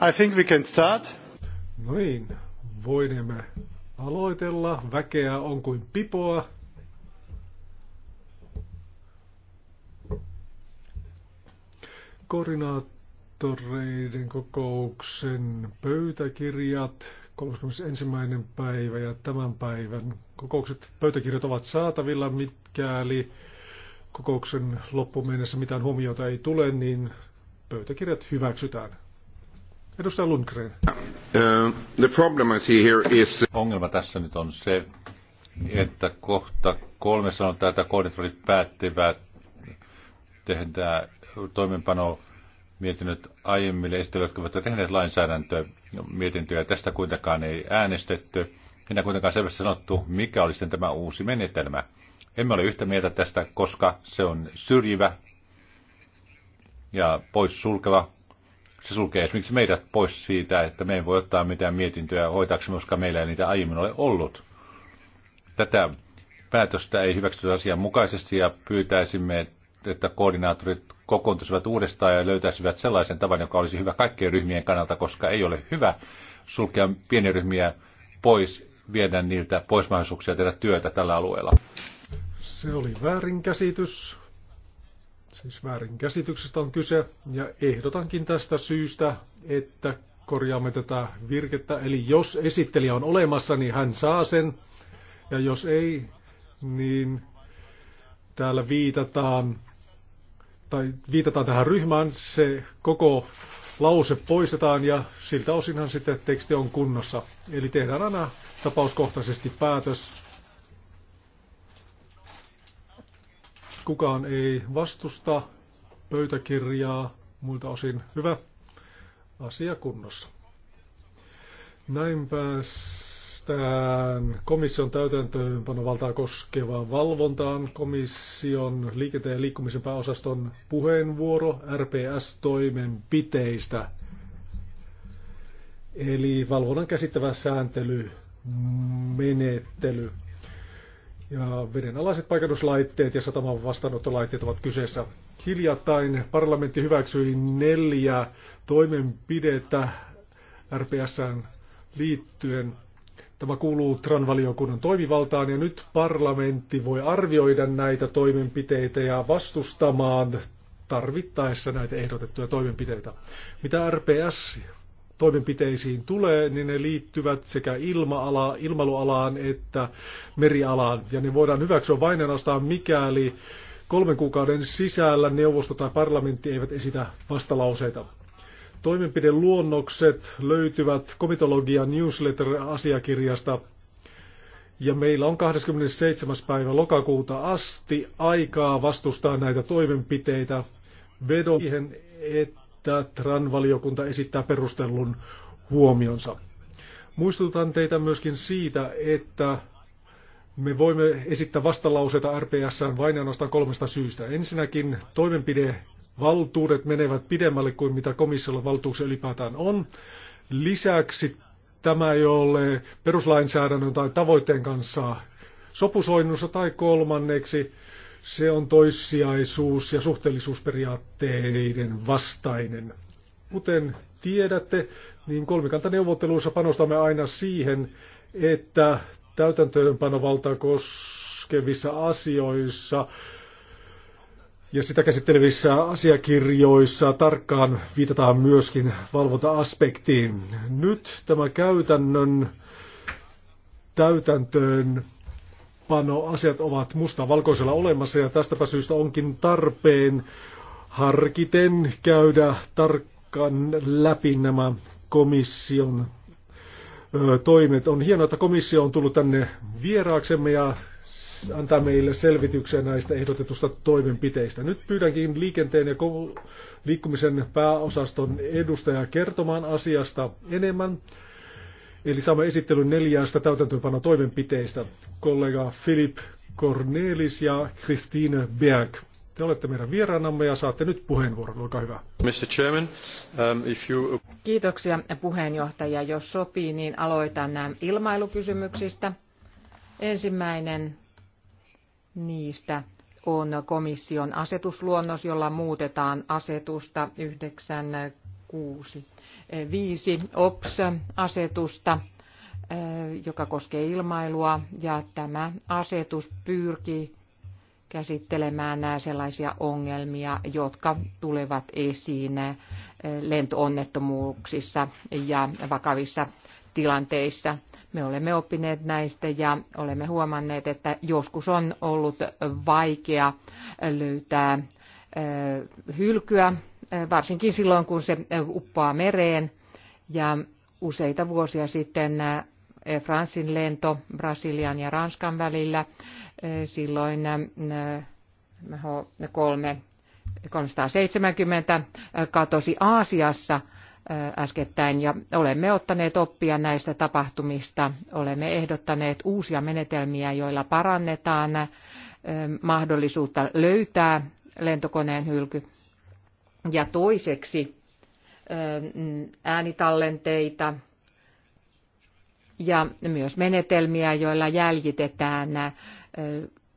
I think we can start. Noin, niin, voimme aloitella. Väkeä on kuin pipoa. Koordinaattoreiden kokouksen pöytäkirjat 31. päivä ja tämän päivän kokoukset pöytäkirjat ovat saatavilla, mitkäli kokouksen loppuun mennessä mitään huomiota ei tule, niin pöytäkirjat hyväksytään. Edustaja Lundgren. Uh, the problem I see here is... Ongelma tässä nyt on se, että kohta kolme sanotaan, että koordinaattorit päättivät tehdä toimenpano mietinnöt aiemmille esittelyille, jotka ovat tehneet mietintöä Tästä kuitenkaan ei äänestetty. Minä kuitenkaan selvästi sanottu, mikä olisi sitten tämä uusi menetelmä. Emme ole yhtä mieltä tästä, koska se on syrjivä ja poissulkeva se sulkee esimerkiksi meidät pois siitä, että me ei voi ottaa mitään mietintöä hoitaaksemme, koska meillä ei niitä aiemmin ole ollut. Tätä päätöstä ei hyväksytä asian mukaisesti ja pyytäisimme, että koordinaattorit kokoontuisivat uudestaan ja löytäisivät sellaisen tavan, joka olisi hyvä kaikkien ryhmien kannalta, koska ei ole hyvä sulkea pieniä ryhmiä pois, viedä niiltä pois mahdollisuuksia tehdä työtä tällä alueella. Se oli väärinkäsitys. Siis väärinkäsityksestä on kyse ja ehdotankin tästä syystä, että korjaamme tätä virkettä. Eli jos esittelijä on olemassa, niin hän saa sen. Ja jos ei, niin täällä viitataan, tai viitataan tähän ryhmään, se koko lause poistetaan ja siltä osinhan sitten teksti on kunnossa. Eli tehdään aina tapauskohtaisesti päätös kukaan ei vastusta pöytäkirjaa muilta osin, hyvä asia kunnossa. Näin päästään komission täytäntöönpanovaltaa koskevaan valvontaan. Komission liikenteen ja liikkumisen pääosaston puheenvuoro RPS-toimenpiteistä. Eli valvonnan käsittävä sääntelymenettely. menettely ja vedenalaiset paikannuslaitteet ja sataman vastaanottolaitteet ovat kyseessä. Hiljattain parlamentti hyväksyi neljä toimenpidettä RPSään liittyen. Tämä kuuluu Tranvaliokunnan toimivaltaan ja nyt parlamentti voi arvioida näitä toimenpiteitä ja vastustamaan tarvittaessa näitä ehdotettuja toimenpiteitä. Mitä RPS toimenpiteisiin tulee, niin ne liittyvät sekä ilma ilmailualaan että merialaan. Ja ne voidaan hyväksyä vain ainoastaan mikäli kolmen kuukauden sisällä neuvosto tai parlamentti eivät esitä vastalauseita. Toimenpideluonnokset löytyvät komitologia newsletter-asiakirjasta ja meillä on 27. päivä lokakuuta asti aikaa vastustaa näitä toimenpiteitä. Vedon siihen, että että TRAN-valiokunta esittää perustellun huomionsa. Muistutan teitä myöskin siitä, että me voimme esittää vastalauseita RPS vain ainoastaan kolmesta syystä. Ensinnäkin toimenpidevaltuudet menevät pidemmälle kuin mitä komissiolla valtuuksia ylipäätään on. Lisäksi tämä ei ole peruslainsäädännön tai tavoitteen kanssa sopusoinnussa tai kolmanneksi se on toissijaisuus- ja suhteellisuusperiaatteiden vastainen. Kuten tiedätte, niin kolmikantaneuvotteluissa panostamme aina siihen, että täytäntöönpanovaltaa koskevissa asioissa ja sitä käsittelevissä asiakirjoissa tarkkaan viitataan myöskin valvonta-aspektiin. Nyt tämä käytännön täytäntöön asiat ovat musta olemassa ja tästäpä syystä onkin tarpeen harkiten käydä tarkkaan läpi nämä komission toimet. On hienoa, että komissio on tullut tänne vieraaksemme ja antaa meille selvityksiä näistä ehdotetusta toimenpiteistä. Nyt pyydänkin liikenteen ja liikkumisen pääosaston edustajaa kertomaan asiasta enemmän. Eli saamme esittelyn neljästä täytäntöönpano toimenpiteistä. Kollega Filip Cornelis ja Christine Berg. Te olette meidän vieraanamme ja saatte nyt puheenvuoron. Olkaa hyvä. Mr. Chairman, um, if you... Kiitoksia puheenjohtaja. Jos sopii, niin aloitan nämä ilmailukysymyksistä. Ensimmäinen niistä on komission asetusluonnos, jolla muutetaan asetusta 96 viisi OPS-asetusta, joka koskee ilmailua, ja tämä asetus pyrkii käsittelemään nämä sellaisia ongelmia, jotka tulevat esiin lentoonnettomuuksissa ja vakavissa tilanteissa. Me olemme oppineet näistä ja olemme huomanneet, että joskus on ollut vaikea löytää hylkyä varsinkin silloin kun se uppoaa mereen. Ja useita vuosia sitten Fransin lento Brasilian ja Ranskan välillä, silloin 3, 370 katosi Aasiassa äskettäin ja olemme ottaneet oppia näistä tapahtumista. Olemme ehdottaneet uusia menetelmiä, joilla parannetaan mahdollisuutta löytää lentokoneen hylky ja toiseksi äänitallenteita ja myös menetelmiä, joilla jäljitetään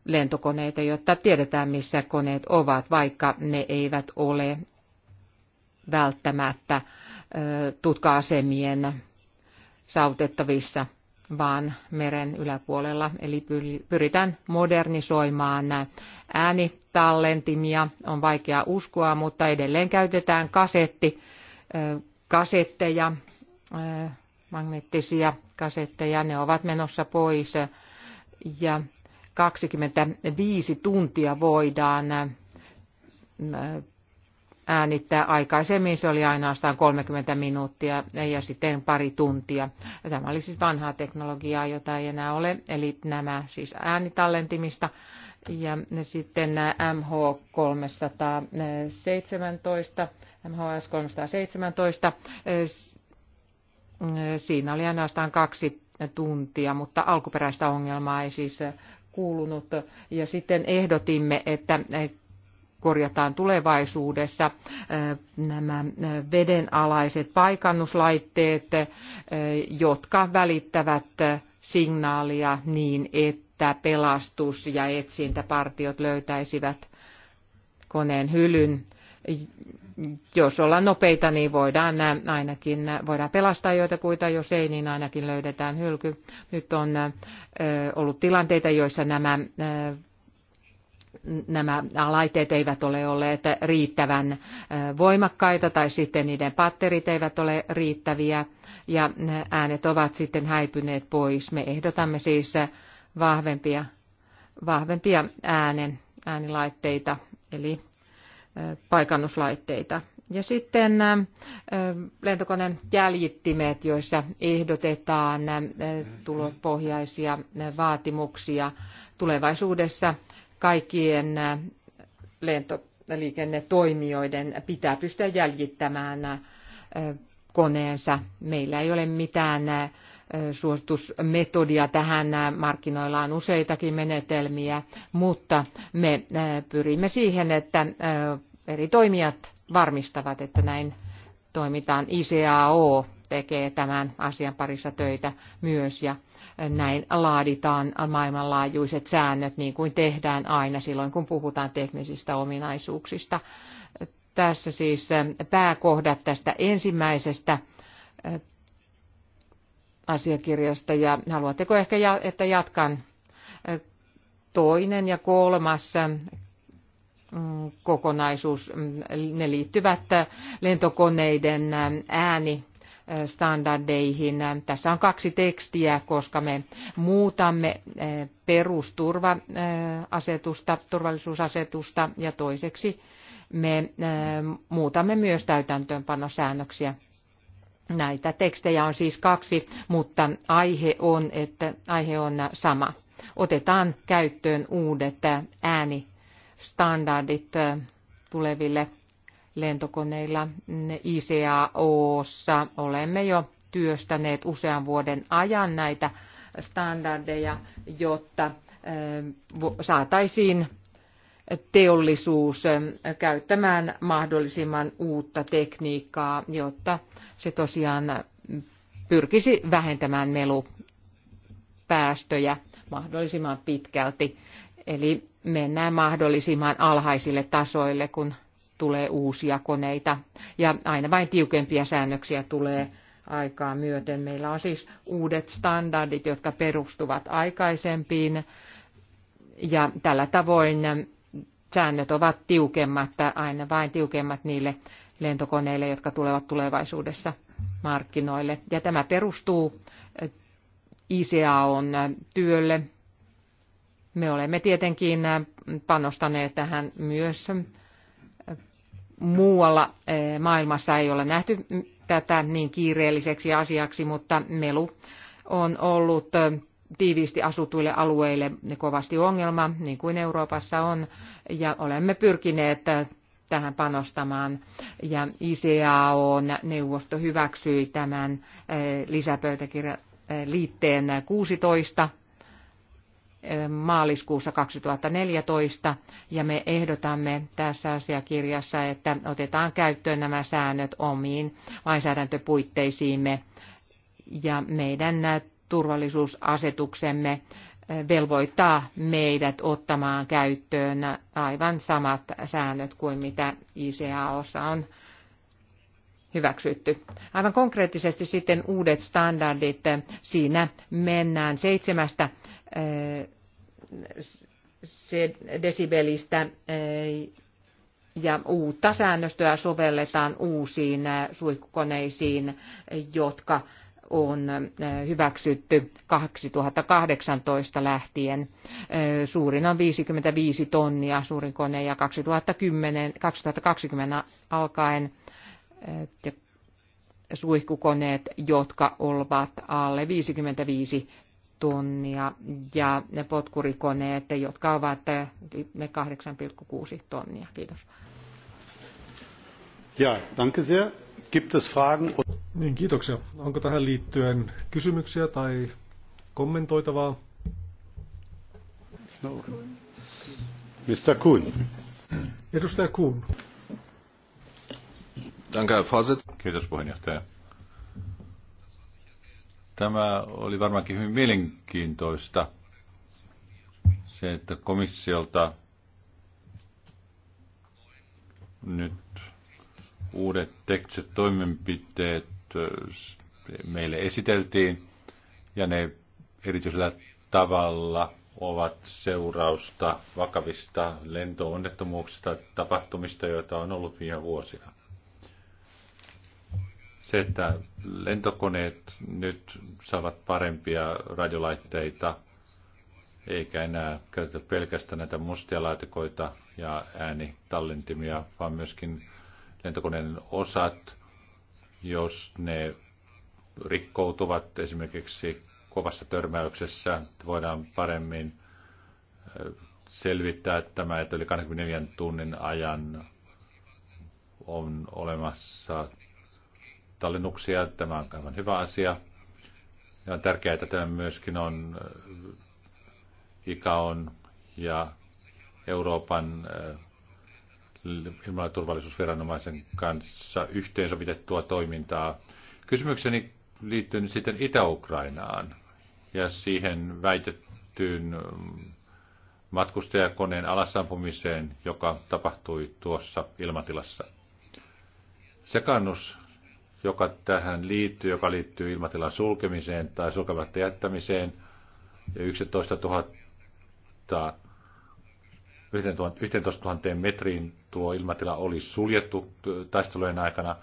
lentokoneita, jotta tiedetään, missä koneet ovat, vaikka ne eivät ole välttämättä tutka-asemien saavutettavissa – vaan meren yläpuolella. Eli pyritään modernisoimaan äänitallentimia. On vaikea uskoa, mutta edelleen käytetään kasetti, kasetteja, magneettisia kasetteja. Ne ovat menossa pois ja 25 tuntia voidaan äänittää. Aikaisemmin se oli ainoastaan 30 minuuttia ja sitten pari tuntia. Tämä oli siis vanhaa teknologiaa, jota ei enää ole, eli nämä siis äänitallentimista. Ja sitten nämä MH317, MHS317, siinä oli ainoastaan kaksi tuntia, mutta alkuperäistä ongelmaa ei siis kuulunut. Ja sitten ehdotimme, että korjataan tulevaisuudessa nämä vedenalaiset paikannuslaitteet, jotka välittävät signaalia niin, että pelastus- ja etsintäpartiot löytäisivät koneen hylyn. Jos ollaan nopeita, niin voidaan ainakin voidaan pelastaa joitakuita, jos ei, niin ainakin löydetään hylky. Nyt on ollut tilanteita, joissa nämä nämä laitteet eivät ole olleet riittävän voimakkaita tai sitten niiden patterit eivät ole riittäviä ja äänet ovat sitten häipyneet pois. Me ehdotamme siis vahvempia, vahvempia äänen, äänilaitteita eli paikannuslaitteita. Ja sitten lentokoneen jäljittimet, joissa ehdotetaan tulopohjaisia vaatimuksia tulevaisuudessa – kaikkien äh, lentoliikennetoimijoiden pitää pystyä jäljittämään äh, koneensa. Meillä ei ole mitään äh, suositusmetodia tähän. Markkinoilla on useitakin menetelmiä, mutta me pyrimme siihen, että eri toimijat varmistavat, että näin toimitaan. ICAO tekee tämän asian parissa töitä myös ja näin laaditaan maailmanlaajuiset säännöt, niin kuin tehdään aina silloin, kun puhutaan teknisistä ominaisuuksista. Tässä siis eh, pääkohdat tästä ensimmäisestä eh, asiakirjasta ja haluatteko ehkä, että jatkan eh, toinen ja kolmas mm, kokonaisuus, mm, ne liittyvät lentokoneiden ääni standardeihin. Tässä on kaksi tekstiä, koska me muutamme eh, perusturvaasetusta, eh, asetusta turvallisuusasetusta ja toiseksi me eh, muutamme myös täytäntöönpanosäännöksiä. Näitä tekstejä on siis kaksi, mutta aihe on, että aihe on sama. Otetaan käyttöön uudet äänistandardit tuleville lentokoneilla. ICAOssa olemme jo työstäneet usean vuoden ajan näitä standardeja, jotta saataisiin teollisuus käyttämään mahdollisimman uutta tekniikkaa, jotta se tosiaan pyrkisi vähentämään melupäästöjä mahdollisimman pitkälti. Eli mennään mahdollisimman alhaisille tasoille, kun tulee uusia koneita ja aina vain tiukempia säännöksiä tulee aikaa myöten. Meillä on siis uudet standardit, jotka perustuvat aikaisempiin ja tällä tavoin säännöt ovat tiukemmat, aina vain tiukemmat niille lentokoneille, jotka tulevat tulevaisuudessa markkinoille. Ja tämä perustuu ICAOn työlle. Me olemme tietenkin panostaneet tähän myös muualla eh, maailmassa ei ole nähty tätä niin kiireelliseksi asiaksi, mutta melu on ollut eh, tiiviisti asutuille alueille kovasti ongelma, niin kuin Euroopassa on, ja olemme pyrkineet eh, tähän panostamaan. Ja ICAO-neuvosto hyväksyi tämän lisäpöytäkirjan liitteen 16 maaliskuussa 2014 ja me ehdotamme tässä asiakirjassa, että otetaan käyttöön nämä säännöt omiin lainsäädäntöpuitteisiimme ja meidän turvallisuusasetuksemme velvoittaa meidät ottamaan käyttöön aivan samat säännöt kuin mitä ICAOssa on hyväksytty. Aivan konkreettisesti sitten uudet standardit. Siinä mennään seitsemästä eh, desibelistä eh, ja uutta säännöstöä sovelletaan uusiin eh, suihkukoneisiin, jotka on hyväksytty 2018 lähtien. Suurin on 55 tonnia suurin kone ja 2010, 2020 alkaen suihkukoneet, jotka ovat alle 55 tonnia ja ne potkurikoneet, jotka ovat ne 8,6 tonnia. Kiitos. Ja, danke sehr. Gibt es Fragen? Niin, kiitoksia. Onko tähän liittyen kysymyksiä tai kommentoitavaa? No. Mr. Kuhn. Edustaja Kuhn. Kiitos puheenjohtaja. Tämä oli varmaankin hyvin mielenkiintoista, se, että komissiolta nyt uudet tekstit toimenpiteet meille esiteltiin, ja ne erityisellä tavalla ovat seurausta vakavista lentoonnettomuuksista, tapahtumista, joita on ollut viime vuosina. Se, että lentokoneet nyt saavat parempia radiolaitteita, eikä enää käytetä pelkästään näitä mustia laatikoita ja äänitallentimia, vaan myöskin lentokoneen osat, jos ne rikkoutuvat esimerkiksi kovassa törmäyksessä, voidaan paremmin selvittää tämä, että yli 24 tunnin ajan on olemassa tallennuksia. Tämä on aivan hyvä asia. Ja on tärkeää, että tämä myöskin on ICAON ja Euroopan eh, ilman- turvallisuusviranomaisen kanssa yhteensovitettua toimintaa. Kysymykseni liittyy nyt sitten Itä-Ukrainaan ja siihen väitettyyn mm, matkustajakoneen alasampumiseen, joka tapahtui tuossa ilmatilassa. Sekannus joka tähän liittyy, joka liittyy ilmatilan sulkemiseen tai sulkematta jättämiseen, ja 11 000, 11 000 metriin tuo ilmatila oli suljettu taistelujen aikana,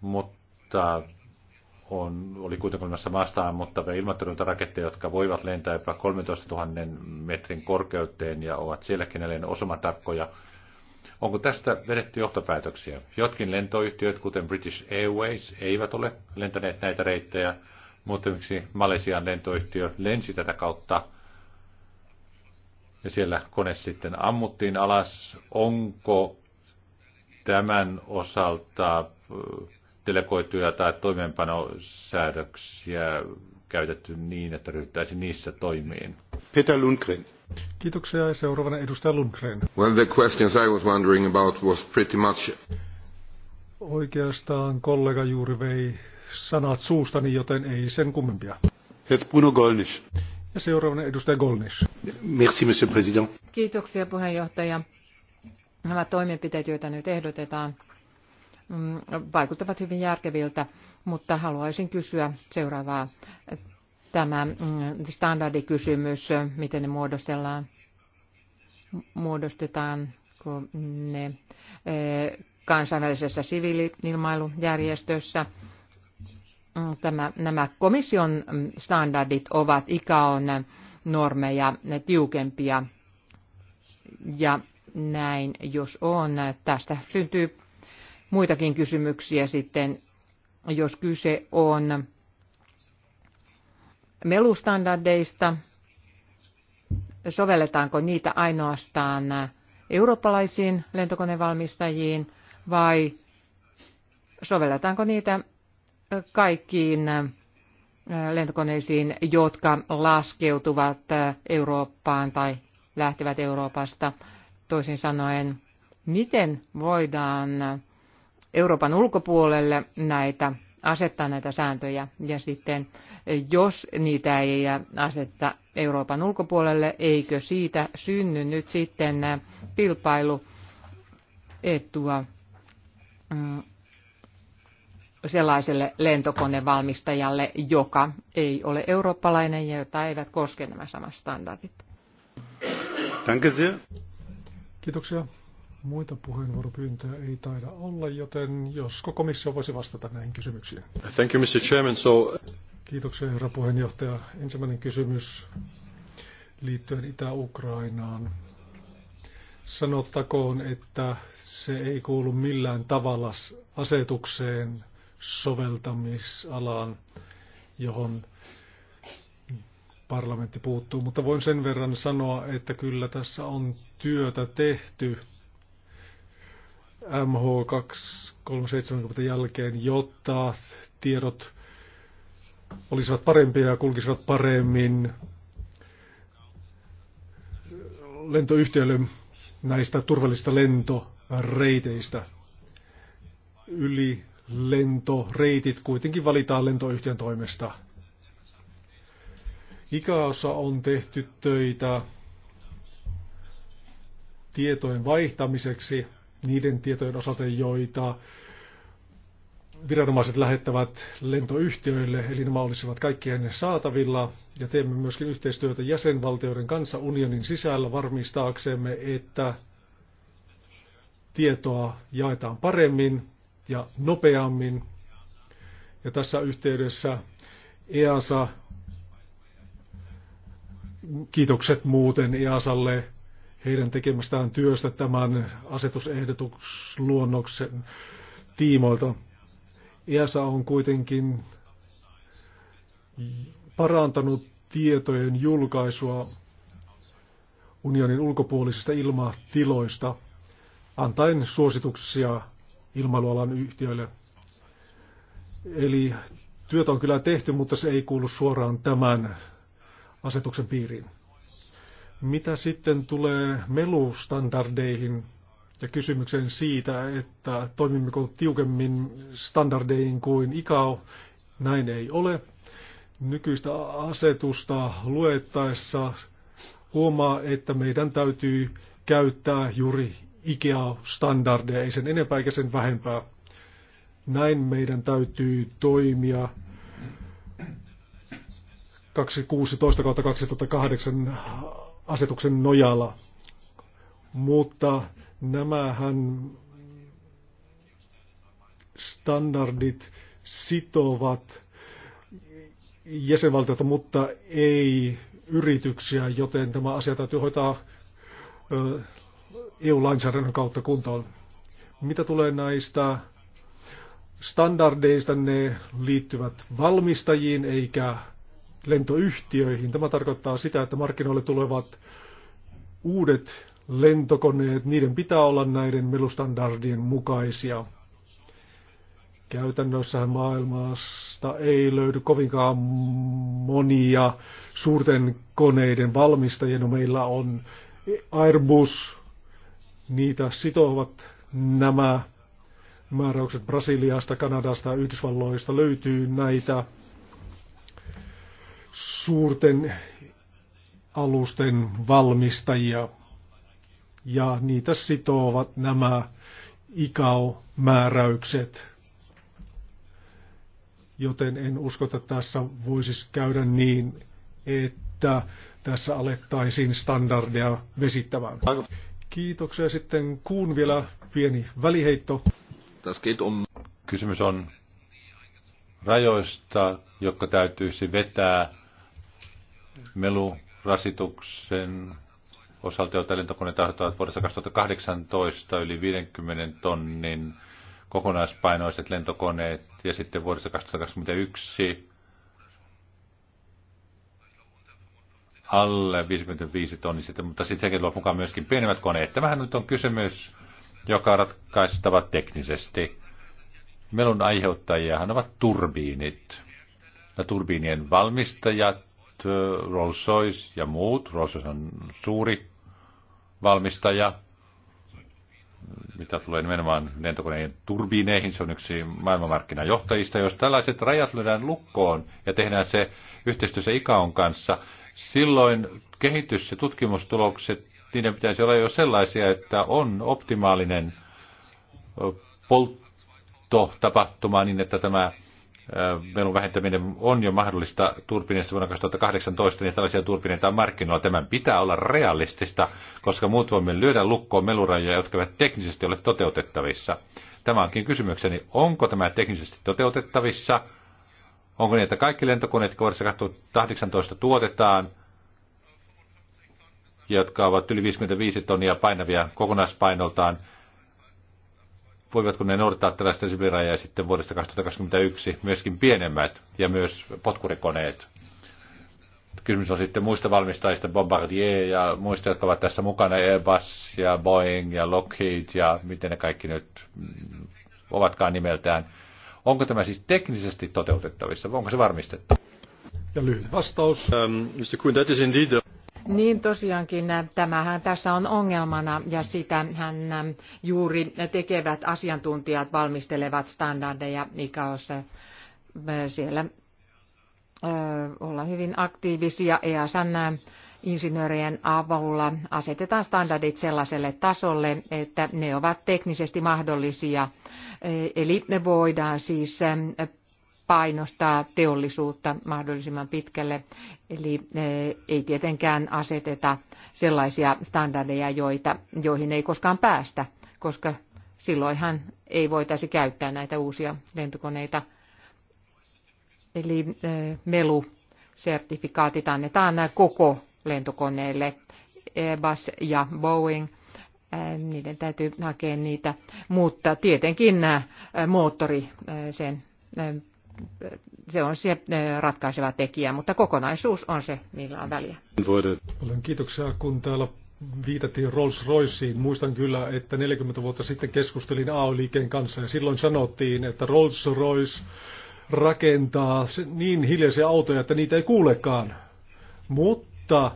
mutta on, oli kuitenkin olemassa maastaan, mutta ilmattorjunta raketteja, jotka voivat lentää jopa 13 000 metrin korkeuteen ja ovat sielläkin edelleen osumatarkkoja, Onko tästä vedetty johtopäätöksiä? Jotkin lentoyhtiöt, kuten British Airways, eivät ole lentäneet näitä reittejä, mutta miksi Malesian lentoyhtiö lensi tätä kautta ja siellä kone sitten ammuttiin alas. Onko tämän osalta delegoituja tai toimeenpanosäädöksiä käytetty niin, että ryhtäisi niissä toimiin? Peter Lundgren. Kiitoksia ja seuraavana edustaja Lundgren. Well, the questions I was wondering about was pretty much... Oikeastaan kollega juuri vei sanat suustani, joten ei sen kummempia. Herr Bruno Gollnisch. Ja seuraavana edustaja Gollnisch. Merci, monsieur president. Kiitoksia puheenjohtaja. Nämä toimenpiteet, joita nyt ehdotetaan, mm, vaikuttavat hyvin järkeviltä, mutta haluaisin kysyä seuraavaa tämä mm, standardikysymys, miten ne muodostellaan, muodostetaan, ne eh, kansainvälisessä siviilinilmailujärjestössä. Mm, tämä, nämä komission standardit ovat ikaon normeja ne tiukempia. Ja näin, jos on, tästä syntyy muitakin kysymyksiä sitten, jos kyse on melustandardeista, sovelletaanko niitä ainoastaan eurooppalaisiin lentokonevalmistajiin vai sovelletaanko niitä kaikkiin lentokoneisiin, jotka laskeutuvat Eurooppaan tai lähtevät Euroopasta. Toisin sanoen, miten voidaan Euroopan ulkopuolelle näitä asettaa näitä sääntöjä. Ja sitten, jos niitä ei asetta Euroopan ulkopuolelle, eikö siitä synny nyt sitten etua mm, sellaiselle lentokonevalmistajalle, joka ei ole eurooppalainen ja jota eivät koske nämä samat standardit. Kiitoksia. Muita puheenvuoropyyntöjä ei taida olla, joten josko komissio voisi vastata näihin kysymyksiin. Thank you, Mr. Chairman. So... Kiitoksia, herra puheenjohtaja. Ensimmäinen kysymys liittyen Itä-Ukrainaan. Sanottakoon, että se ei kuulu millään tavalla asetukseen soveltamisalaan, johon parlamentti puuttuu, mutta voin sen verran sanoa, että kyllä tässä on työtä tehty MH2370 jälkeen, jotta tiedot olisivat parempia ja kulkisivat paremmin lentoyhtiölle näistä turvallisista lentoreiteistä. Yli lentoreitit kuitenkin valitaan lentoyhtiön toimesta. Ikaossa on tehty töitä tietojen vaihtamiseksi – niiden tietojen osalta, joita viranomaiset lähettävät lentoyhtiöille, eli nämä olisivat kaikkien saatavilla, ja teemme myöskin yhteistyötä jäsenvaltioiden kanssa unionin sisällä varmistaaksemme, että tietoa jaetaan paremmin ja nopeammin. Ja tässä yhteydessä EASA, kiitokset muuten EASalle heidän tekemästään työstä tämän asetusehdotusluonnoksen tiimoilta. ESA on kuitenkin parantanut tietojen julkaisua unionin ulkopuolisista ilmatiloista, antaen suosituksia ilmailualan yhtiöille. Eli työtä on kyllä tehty, mutta se ei kuulu suoraan tämän asetuksen piiriin. Mitä sitten tulee melustandardeihin ja kysymykseen siitä, että toimimmeko tiukemmin standardeihin kuin ICAO, näin ei ole. Nykyistä asetusta luettaessa huomaa, että meidän täytyy käyttää juuri IKEA-standardeja, ei sen enempää eikä sen vähempää. Näin meidän täytyy toimia 2016-2008 asetuksen nojalla. Mutta nämähän standardit sitovat jäsenvaltiota, mutta ei yrityksiä, joten tämä asia täytyy hoitaa EU-lainsäädännön kautta kuntoon. Mitä tulee näistä standardeista, ne liittyvät valmistajiin eikä lentoyhtiöihin. Tämä tarkoittaa sitä, että markkinoille tulevat uudet lentokoneet, niiden pitää olla näiden melustandardien mukaisia. Käytännössähän maailmasta ei löydy kovinkaan monia suurten koneiden valmistajia. No meillä on Airbus, niitä sitovat nämä määräykset Brasiliasta, Kanadasta, Yhdysvalloista löytyy näitä suurten alusten valmistajia ja niitä sitovat nämä ikaumääräykset. määräykset Joten en usko, että tässä voisi käydä niin, että tässä alettaisiin standardeja vesittämään. Kiitoksia. Sitten kuun vielä pieni väliheitto. Kysymys on rajoista, jotka täytyisi vetää melurasituksen osalta, joita lentokoneet aiheuttavat vuodesta 2018 yli 50 tonnin kokonaispainoiset lentokoneet ja sitten vuodesta 2021 alle 55 sitten mutta sitten sekin tulee mukaan myöskin pienemmät koneet. Tämähän nyt on kysymys, joka ratkaistava teknisesti. Melun aiheuttajiahan ovat turbiinit. Ja turbiinien valmistajat Äh, Rolls-Royce ja muut. Rolls-Royce on suuri valmistaja, mitä tulee nimenomaan lentokoneen turbiineihin. Se on yksi maailmanmarkkinajohtajista. Jos tällaiset rajat lyödään lukkoon ja tehdään se yhteistyössä ICAON kanssa, silloin kehitys- ja tutkimustulokset, niiden pitäisi olla jo sellaisia, että on optimaalinen polttotapahtuma niin, että tämä melun vähentäminen on jo mahdollista turbineissa vuonna 2018, niin tällaisia turbineita on markkinoilla. Tämän pitää olla realistista, koska muut voimme lyödä lukkoon melurajoja, jotka eivät teknisesti ole toteutettavissa. Tämä onkin kysymykseni, onko tämä teknisesti toteutettavissa? Onko niin, että kaikki lentokoneet, jotka vuodessa 2018 tuotetaan, jotka ovat yli 55 tonnia painavia kokonaispainoltaan, voivatko ne noudattaa tällaista sivirajaa sitten vuodesta 2021 myöskin pienemmät ja myös potkurikoneet. Kysymys on sitten muista valmistajista, Bombardier ja muista, jotka ovat tässä mukana, Airbus ja Boeing ja Lockheed ja miten ne kaikki nyt mm, ovatkaan nimeltään. Onko tämä siis teknisesti toteutettavissa, onko se varmistettu? Ja lyhyt vastaus. Um, ähm, Mr. Kuhn, that is indeed niin tosiaankin äh, tämähän tässä on ongelmana ja sitähän äh, juuri tekevät asiantuntijat valmistelevat standardeja ICAOssa äh, siellä olla hyvin aktiivisia EASN insinöörien avulla asetetaan standardit sellaiselle tasolle, että ne ovat teknisesti mahdollisia. Eli ne voidaan siis painostaa teollisuutta mahdollisimman pitkälle. Eli eh, ei tietenkään aseteta sellaisia standardeja, joita, joihin ei koskaan päästä, koska silloinhan ei voitaisi käyttää näitä uusia lentokoneita. Eli eh, melusertifikaatit annetaan koko lentokoneelle, Airbus ja Boeing eh, – niiden täytyy hakea niitä, mutta tietenkin moottori sen se on se eh, ratkaiseva tekijä, mutta kokonaisuus on se, millä on väliä. Olen kiitoksia, kun täällä viitattiin Rolls Royceen. Muistan kyllä, että 40 vuotta sitten keskustelin ao liikeen kanssa ja silloin sanottiin, että Rolls Royce rakentaa niin hiljaisia autoja, että niitä ei kuulekaan. Mutta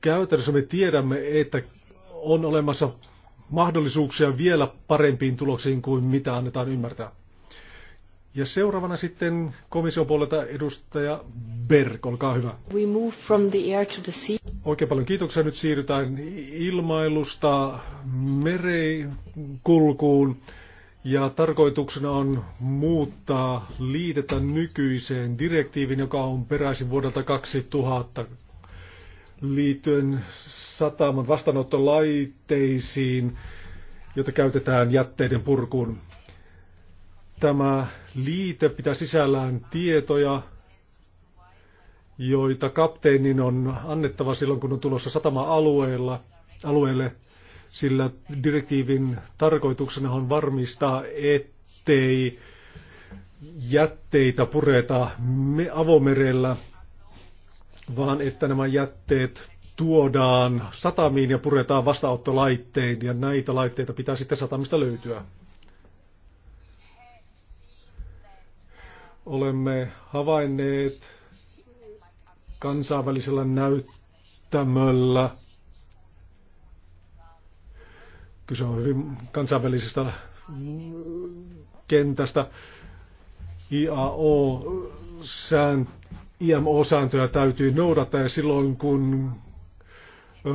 käytännössä me tiedämme, että on olemassa mahdollisuuksia vielä parempiin tuloksiin kuin mitä annetaan ymmärtää. Ja seuraavana sitten komission puolelta edustaja Berg, olkaa hyvä. We move from the air to the sea. Oikein paljon kiitoksia. Nyt siirrytään ilmailusta merikulkuun Ja tarkoituksena on muuttaa liitettä nykyiseen direktiivin, joka on peräisin vuodelta 2000 liittyen sataman vastaanottolaitteisiin, joita käytetään jätteiden purkuun. Tämä liite pitää sisällään tietoja, joita kapteenin on annettava silloin, kun on tulossa satama-alueelle, sillä direktiivin tarkoituksena on varmistaa, ettei jätteitä pureta avomerellä – vaan että nämä jätteet tuodaan satamiin ja puretaan vastaanottolaitteen, ja näitä laitteita pitää sitten satamista löytyä. Olemme havainneet kansainvälisellä näyttämöllä, kyse on hyvin kansainvälisestä kentästä, IAO-sääntö, IMO-sääntöjä täytyy noudattaa ja silloin kun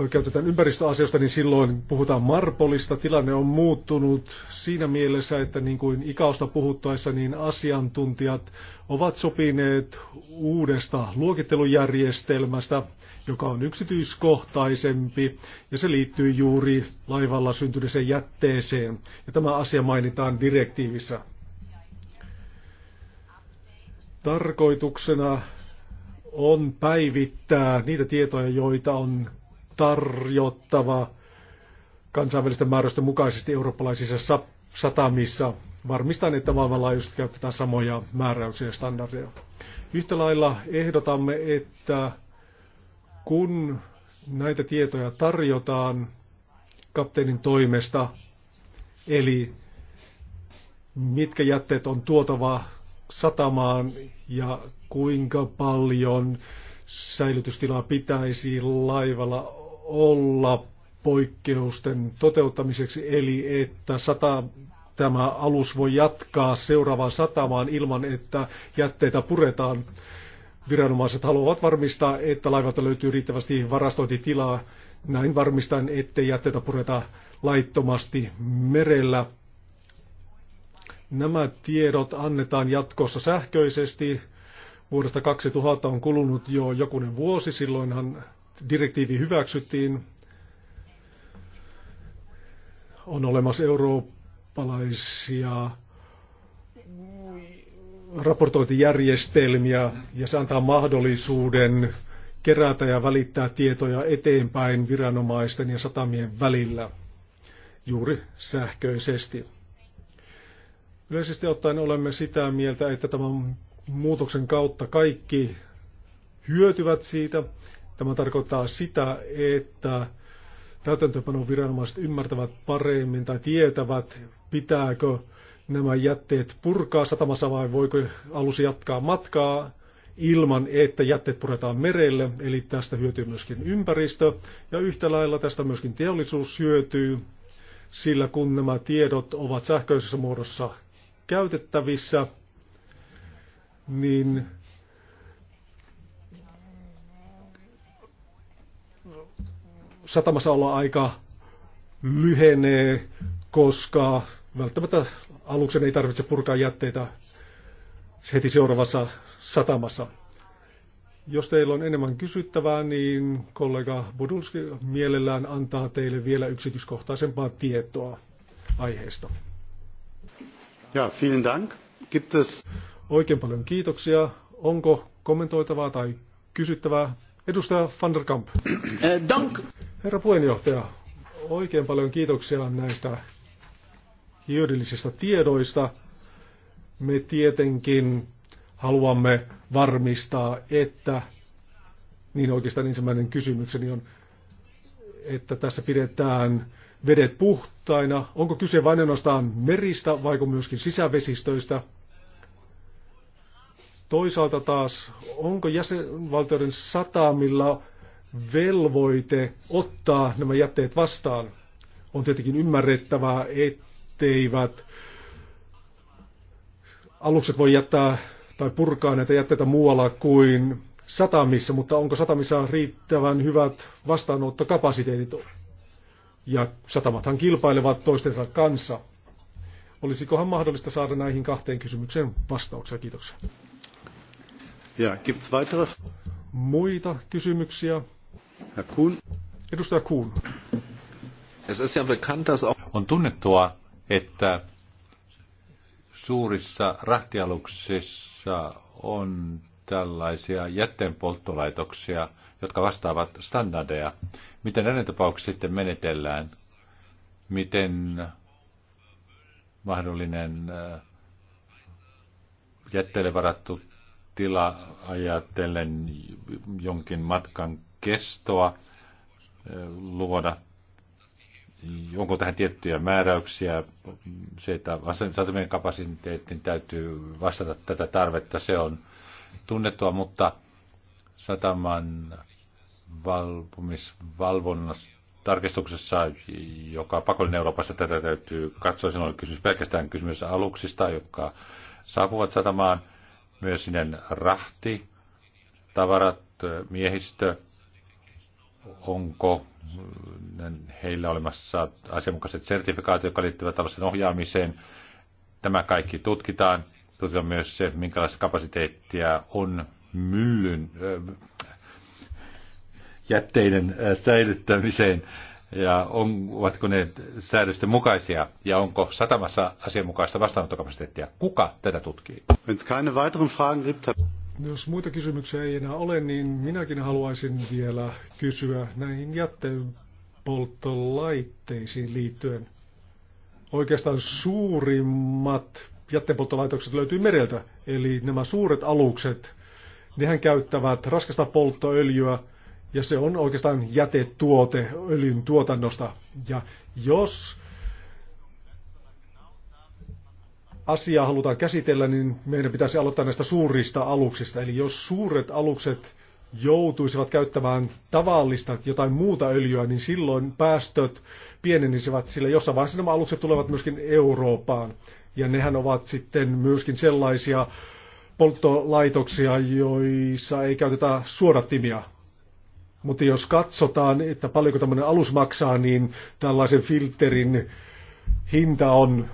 käytetään ympäristöasioista, niin silloin puhutaan Marpolista. Tilanne on muuttunut siinä mielessä, että niin kuin ikausta puhuttaessa, niin asiantuntijat ovat sopineet uudesta luokittelujärjestelmästä, joka on yksityiskohtaisempi ja se liittyy juuri laivalla syntyneeseen jätteeseen. Ja tämä asia mainitaan direktiivissä. Tarkoituksena on päivittää niitä tietoja, joita on tarjottava kansainvälisten määräysten mukaisesti eurooppalaisissa satamissa. Varmistan, että maailmanlaajuisesti käytetään samoja määräyksiä ja standardeja. Yhtä lailla ehdotamme, että kun näitä tietoja tarjotaan kapteenin toimesta, eli mitkä jätteet on tuotava satamaan ja kuinka paljon säilytystilaa pitäisi laivalla olla poikkeusten toteuttamiseksi, eli että sata, tämä alus voi jatkaa seuraavaan satamaan ilman, että jätteitä puretaan. Viranomaiset haluavat varmistaa, että laivalta löytyy riittävästi varastointitilaa, näin varmistan, ettei jätteitä pureta laittomasti merellä. Nämä tiedot annetaan jatkossa sähköisesti Vuodesta 2000 on kulunut jo jokunen vuosi, silloinhan direktiivi hyväksyttiin. On olemassa eurooppalaisia raportointijärjestelmiä ja se antaa mahdollisuuden kerätä ja välittää tietoja eteenpäin viranomaisten ja satamien välillä juuri sähköisesti. Yleisesti ottaen olemme sitä mieltä, että tämän muutoksen kautta kaikki hyötyvät siitä. Tämä tarkoittaa sitä, että täytäntöpanon viranomaiset ymmärtävät paremmin tai tietävät, pitääkö nämä jätteet purkaa satamassa vai voiko alus jatkaa matkaa ilman, että jätteet puretaan merelle. Eli tästä hyötyy myöskin ympäristö ja yhtä lailla tästä myöskin teollisuus hyötyy, sillä kun nämä tiedot ovat sähköisessä muodossa käytettävissä, niin satamassa olla aika lyhenee, koska välttämättä aluksen ei tarvitse purkaa jätteitä heti seuraavassa satamassa. Jos teillä on enemmän kysyttävää, niin kollega Budulski mielellään antaa teille vielä yksityiskohtaisempaa tietoa aiheesta. Ja, vielen Dank. Gibt es... Oikein paljon kiitoksia. Onko kommentoitavaa tai kysyttävää? Edustaja van der Kamp. Eh, dank. Herra puheenjohtaja, oikein paljon kiitoksia näistä hyödyllisistä tiedoista. Me tietenkin haluamme varmistaa, että, niin oikeastaan ensimmäinen kysymykseni on, että tässä pidetään vedet puhtaina? Onko kyse vain ainoastaan meristä vai myöskin sisävesistöistä? Toisaalta taas, onko jäsenvaltioiden satamilla velvoite ottaa nämä jätteet vastaan? On tietenkin ymmärrettävää, etteivät alukset voi jättää tai purkaa näitä jätteitä muualla kuin satamissa, mutta onko satamissa riittävän hyvät vastaanottokapasiteetit? Ja satamathan kilpailevat toistensa kanssa. Olisikohan mahdollista saada näihin kahteen kysymykseen vastauksia? Kiitoksia. Ja, gibt's weitere? Muita kysymyksiä? Herr Kuhn. Edustaja Kuhn. Es ist ja bekannt, dass auch... On tunnettua, että suurissa rahtialuksissa on tällaisia jätteenpolttolaitoksia, jotka vastaavat standardeja. Miten näiden tapauksissa sitten menetellään? Miten mahdollinen äh, jätteelle varattu tila ajatellen jonkin matkan kestoa äh, luoda? Onko tähän tiettyjä määräyksiä? Se, että asemien kapasiteetin täytyy vastata tätä tarvetta, se on tunnettua, mutta sataman valpumisvalvonnassa tarkistuksessa, joka on pakollinen Euroopassa, tätä täytyy katsoa. Silloin on kysymys pelkästään kysymys aluksista, jotka saapuvat satamaan. Myös sinne rahti, tavarat, miehistö, onko heillä olemassa asianmukaiset sertifikaatit, jotka liittyvät tällaisen ohjaamiseen. Tämä kaikki tutkitaan tutkia myös se, minkälaista kapasiteettia on myllyn äh, jätteiden säilyttämiseen ja on, ovatko ne säädösten mukaisia ja onko satamassa asianmukaista vastaanottokapasiteettia. Kuka tätä tutkii? Jos muita kysymyksiä ei enää ole, niin minäkin haluaisin vielä kysyä näihin jätteenpolttolaitteisiin liittyen. Oikeastaan suurimmat jätteenpolttolaitokset löytyy mereltä. Eli nämä suuret alukset, nehän käyttävät raskasta polttoöljyä, ja se on oikeastaan jätetuote öljyn tuotannosta. Ja jos asiaa halutaan käsitellä, niin meidän pitäisi aloittaa näistä suurista aluksista. Eli jos suuret alukset joutuisivat käyttämään tavallista jotain muuta öljyä, niin silloin päästöt pienenisivät, sillä jossain vaiheessa nämä alukset tulevat myöskin Eurooppaan. Ja nehän ovat sitten myöskin sellaisia polttolaitoksia, joissa ei käytetä suodattimia. Mutta jos katsotaan, että paljonko tämmöinen alus maksaa, niin tällaisen filterin hinta on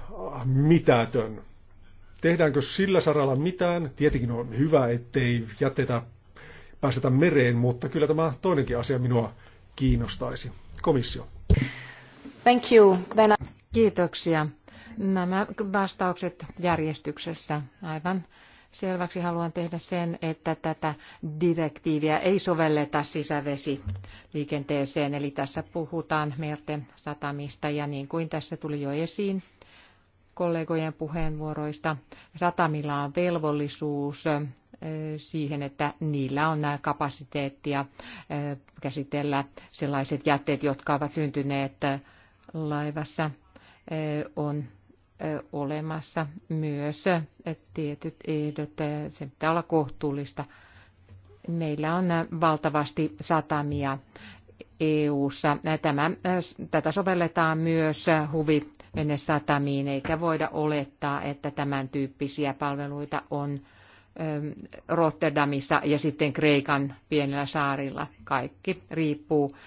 mitätön. Tehdäänkö sillä saralla mitään? Tietenkin on hyvä, ettei jätetä päästetä mereen, mutta kyllä tämä toinenkin asia minua kiinnostaisi. Komissio. Thank you. Then I... Kiitoksia. Nämä vastaukset järjestyksessä aivan selväksi haluan tehdä sen, että tätä direktiiviä ei sovelleta sisävesiliikenteeseen, eli tässä puhutaan merten satamista ja niin kuin tässä tuli jo esiin kollegojen puheenvuoroista, satamilla on velvollisuus siihen, että niillä on nämä kapasiteettia käsitellä sellaiset jätteet, jotka ovat syntyneet laivassa. On olemassa myös tietyt ehdot. Se pitää olla kohtuullista. Meillä on valtavasti satamia EU-ssa. Tämä, tätä sovelletaan myös satamiin, eikä voida olettaa, että tämän tyyppisiä palveluita on Ähm, Rotterdamissa ja sitten Kreikan pienellä saarilla. Kaikki riippuu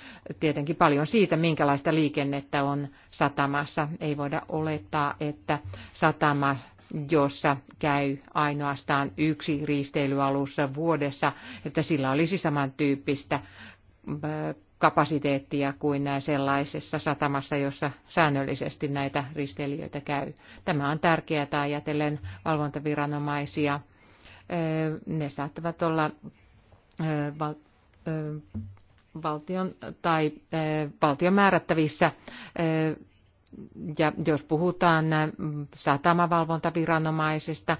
tietenkin paljon siitä, minkälaista liikennettä on satamassa. Ei voida olettaa, että satama, jossa käy ainoastaan yksi risteilyalussa vuodessa, että sillä olisi samantyyppistä äh, kapasiteettia kuin sellaisessa satamassa, jossa säännöllisesti näitä risteilijöitä käy. Tämä on tärkeää ajatellen valvontaviranomaisia ne saattavat olla valtion tai valtion määrättävissä. Ja jos puhutaan satamavalvontaviranomaisesta,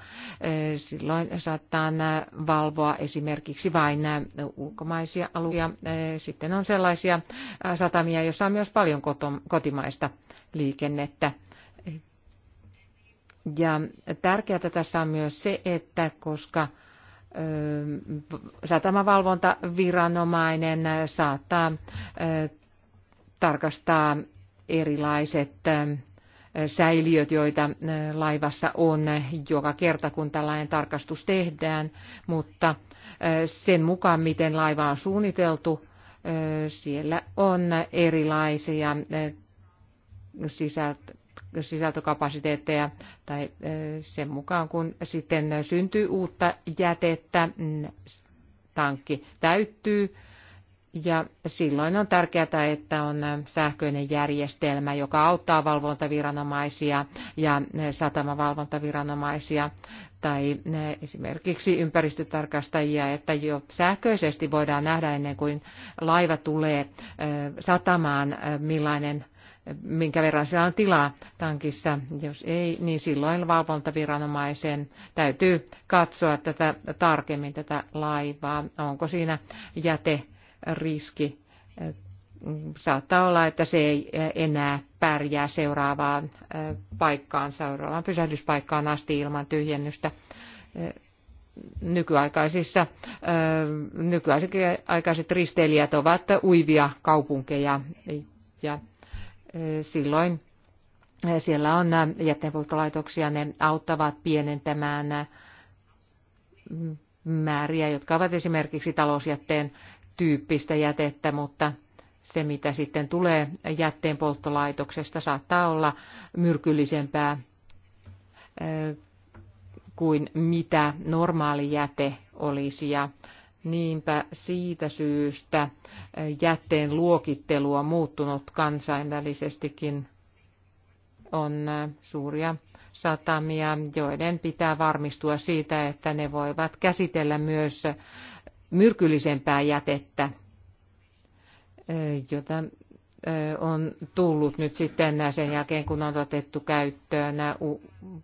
silloin saattaa valvoa esimerkiksi vain ulkomaisia alueita. Sitten on sellaisia satamia, joissa on myös paljon kotimaista liikennettä. Ja tärkeää tässä on myös se, että koska satamavalvontaviranomainen saattaa tarkastaa erilaiset säiliöt, joita laivassa on joka kerta, kun tällainen tarkastus tehdään, mutta sen mukaan, miten laiva on suunniteltu, siellä on erilaisia sisältöjä sisältökapasiteetteja tai sen mukaan, kun sitten syntyy uutta jätettä, mm, tankki täyttyy. Ja silloin on tärkeää, että on sähköinen järjestelmä, joka auttaa valvontaviranomaisia ja satamavalvontaviranomaisia tai esimerkiksi ympäristötarkastajia, että jo sähköisesti voidaan nähdä ennen kuin laiva tulee satamaan, millainen minkä verran siellä on tilaa tankissa. Jos ei, niin silloin valvontaviranomaisen täytyy katsoa tätä tarkemmin tätä laivaa. Onko siinä jäteriski? Saattaa olla, että se ei enää pärjää seuraavaan paikkaan, seuraavaan pysähdyspaikkaan asti ilman tyhjennystä nykyaikaisissa, nykyaikaiset risteilijät ovat uivia kaupunkeja ja silloin eh, siellä on eh, jätteenpolttolaitoksia, ne auttavat pienentämään eh, määriä, jotka ovat esimerkiksi talousjätteen tyyppistä jätettä, mutta se, mitä sitten tulee jätteen polttolaitoksesta, saattaa olla myrkyllisempää kuin mitä normaali jäte olisi. Ja Niinpä siitä syystä jätteen luokittelu on muuttunut kansainvälisestikin. On suuria satamia, joiden pitää varmistua siitä, että ne voivat käsitellä myös myrkyllisempää jätettä, jota on tullut nyt sitten sen jälkeen, kun on otettu käyttöön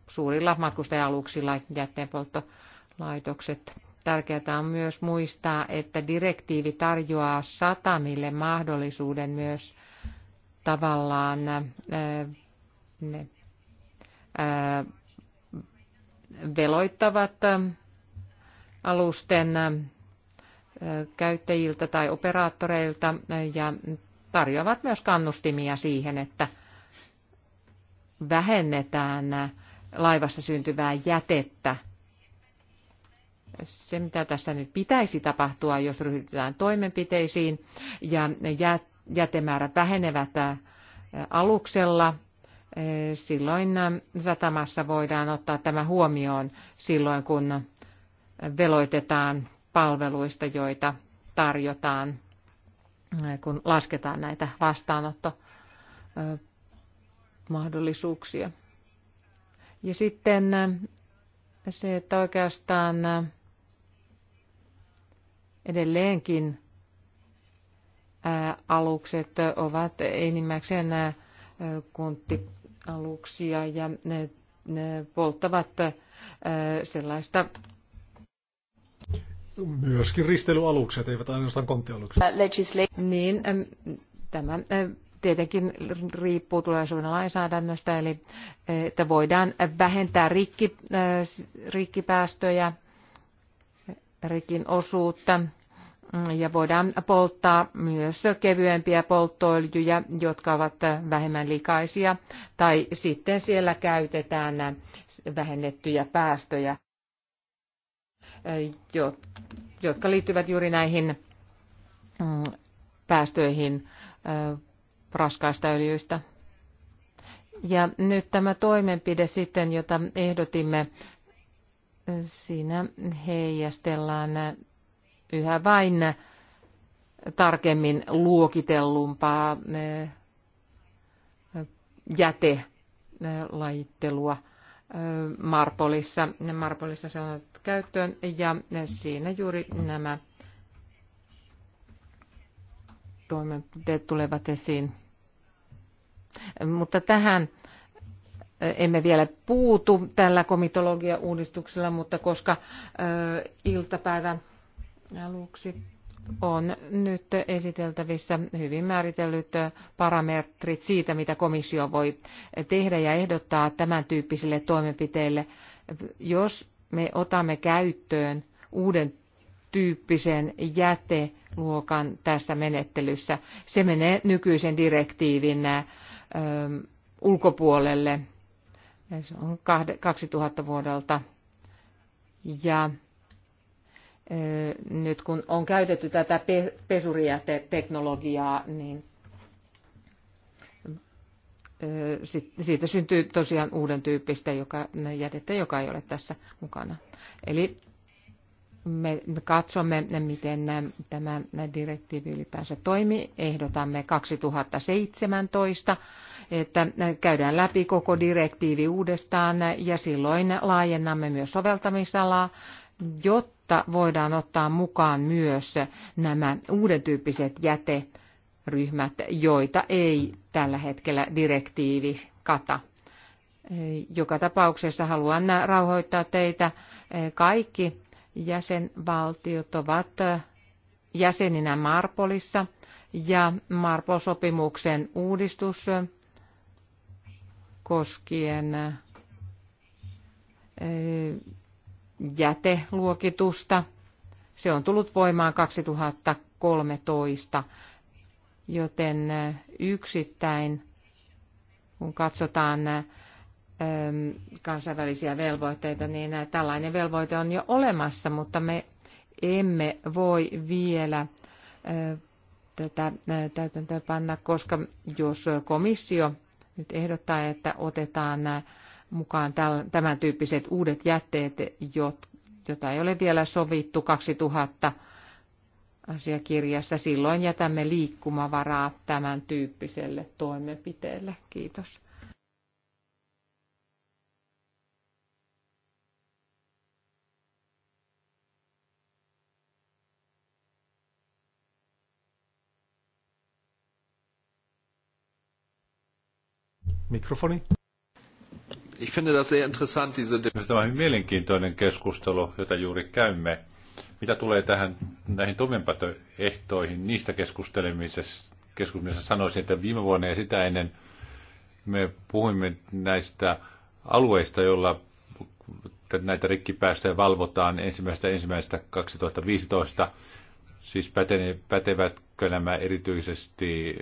suurilla matkustajaluksilla jätteenpolttolaitokset. Tärkeää on myös muistaa, että direktiivi tarjoaa satamille mahdollisuuden myös tavallaan ne veloittavat alusten käyttäjiltä tai operaattoreilta ja tarjoavat myös kannustimia siihen, että vähennetään laivassa syntyvää jätettä se, mitä tässä nyt pitäisi tapahtua, jos ryhdytään toimenpiteisiin ja jätemäärät vähenevät äh, aluksella, äh, silloin äh, satamassa voidaan ottaa tämä huomioon silloin, kun veloitetaan palveluista, joita tarjotaan, kun lasketaan näitä vastaanottomahdollisuuksia. Ja sitten se, että oikeastaan edelleenkin alukset ovat enimmäkseen nämä konttialuksia ja ne, ne polttavat sellaista. Myöskin ristelyalukset, eivät ainoastaan konttialukset. Niin, tämä tietenkin riippuu tulevaisuuden lainsäädännöstä, eli että voidaan vähentää rikki, rikkipäästöjä – rikin osuutta ja voidaan polttaa myös kevyempiä polttoöljyjä, jotka ovat vähemmän likaisia, tai sitten siellä käytetään vähennettyjä päästöjä, jotka liittyvät juuri näihin mm, päästöihin raskaista öljyistä. Ja nyt tämä toimenpide sitten, jota ehdotimme Siinä heijastellaan yhä vain tarkemmin luokitellumpaa eh, jätelaittelua eh, Marpolissa. Marpolissa se on otettu käyttöön ja siinä juuri nämä toimenpiteet tulevat esiin. Mutta tähän emme vielä puutu tällä komitologiauudistuksella mutta koska iltapäivän aluksi on nyt esiteltävissä hyvin määritellyt parametrit siitä, mitä komissio voi tehdä ja ehdottaa tämän tyyppisille toimenpiteille. Jos me otamme käyttöön uuden tyyppisen jäteluokan tässä menettelyssä, se menee nykyisen direktiivin ulkopuolelle se on 2000 vuodelta. Ja nyt kun on käytetty tätä pesurijäteteknologiaa, niin siitä syntyy tosiaan uuden tyyppistä joka, jätettä, joka ei ole tässä mukana. Eli me katsomme, miten tämä direktiivi ylipäänsä toimii. Ehdotamme 2017 että käydään läpi koko direktiivi uudestaan ja silloin laajennamme myös soveltamisalaa, jotta voidaan ottaa mukaan myös nämä uuden tyyppiset jäteryhmät, joita ei tällä hetkellä direktiivi kata. Joka tapauksessa haluan rauhoittaa teitä. Kaikki jäsenvaltiot ovat jäseninä Marpolissa ja Marpol-sopimuksen uudistus koskien jäteluokitusta. Se on tullut voimaan 2013, joten yksittäin, kun katsotaan kansainvälisiä velvoitteita, niin tällainen velvoite on jo olemassa, mutta me emme voi vielä tätä panna koska jos komissio nyt ehdottaa, että otetaan mukaan tämän tyyppiset uudet jätteet, joita ei ole vielä sovittu 2000 asiakirjassa. Silloin jätämme liikkumavaraa tämän tyyppiselle toimenpiteelle. Kiitos. Mikrofoni. Ich finde das sehr interessant, diese Tämä on hyvin mielenkiintoinen keskustelu, jota juuri käymme. Mitä tulee tähän, näihin toimenpätöehtoihin, niistä keskustelemisessa, keskustelussa sanoisin, että viime vuonna ja sitä ennen me puhuimme näistä alueista, joilla näitä rikkipäästöjä valvotaan ensimmäistä ensimmäistä 2015. Siis pätene, pätevätkö nämä erityisesti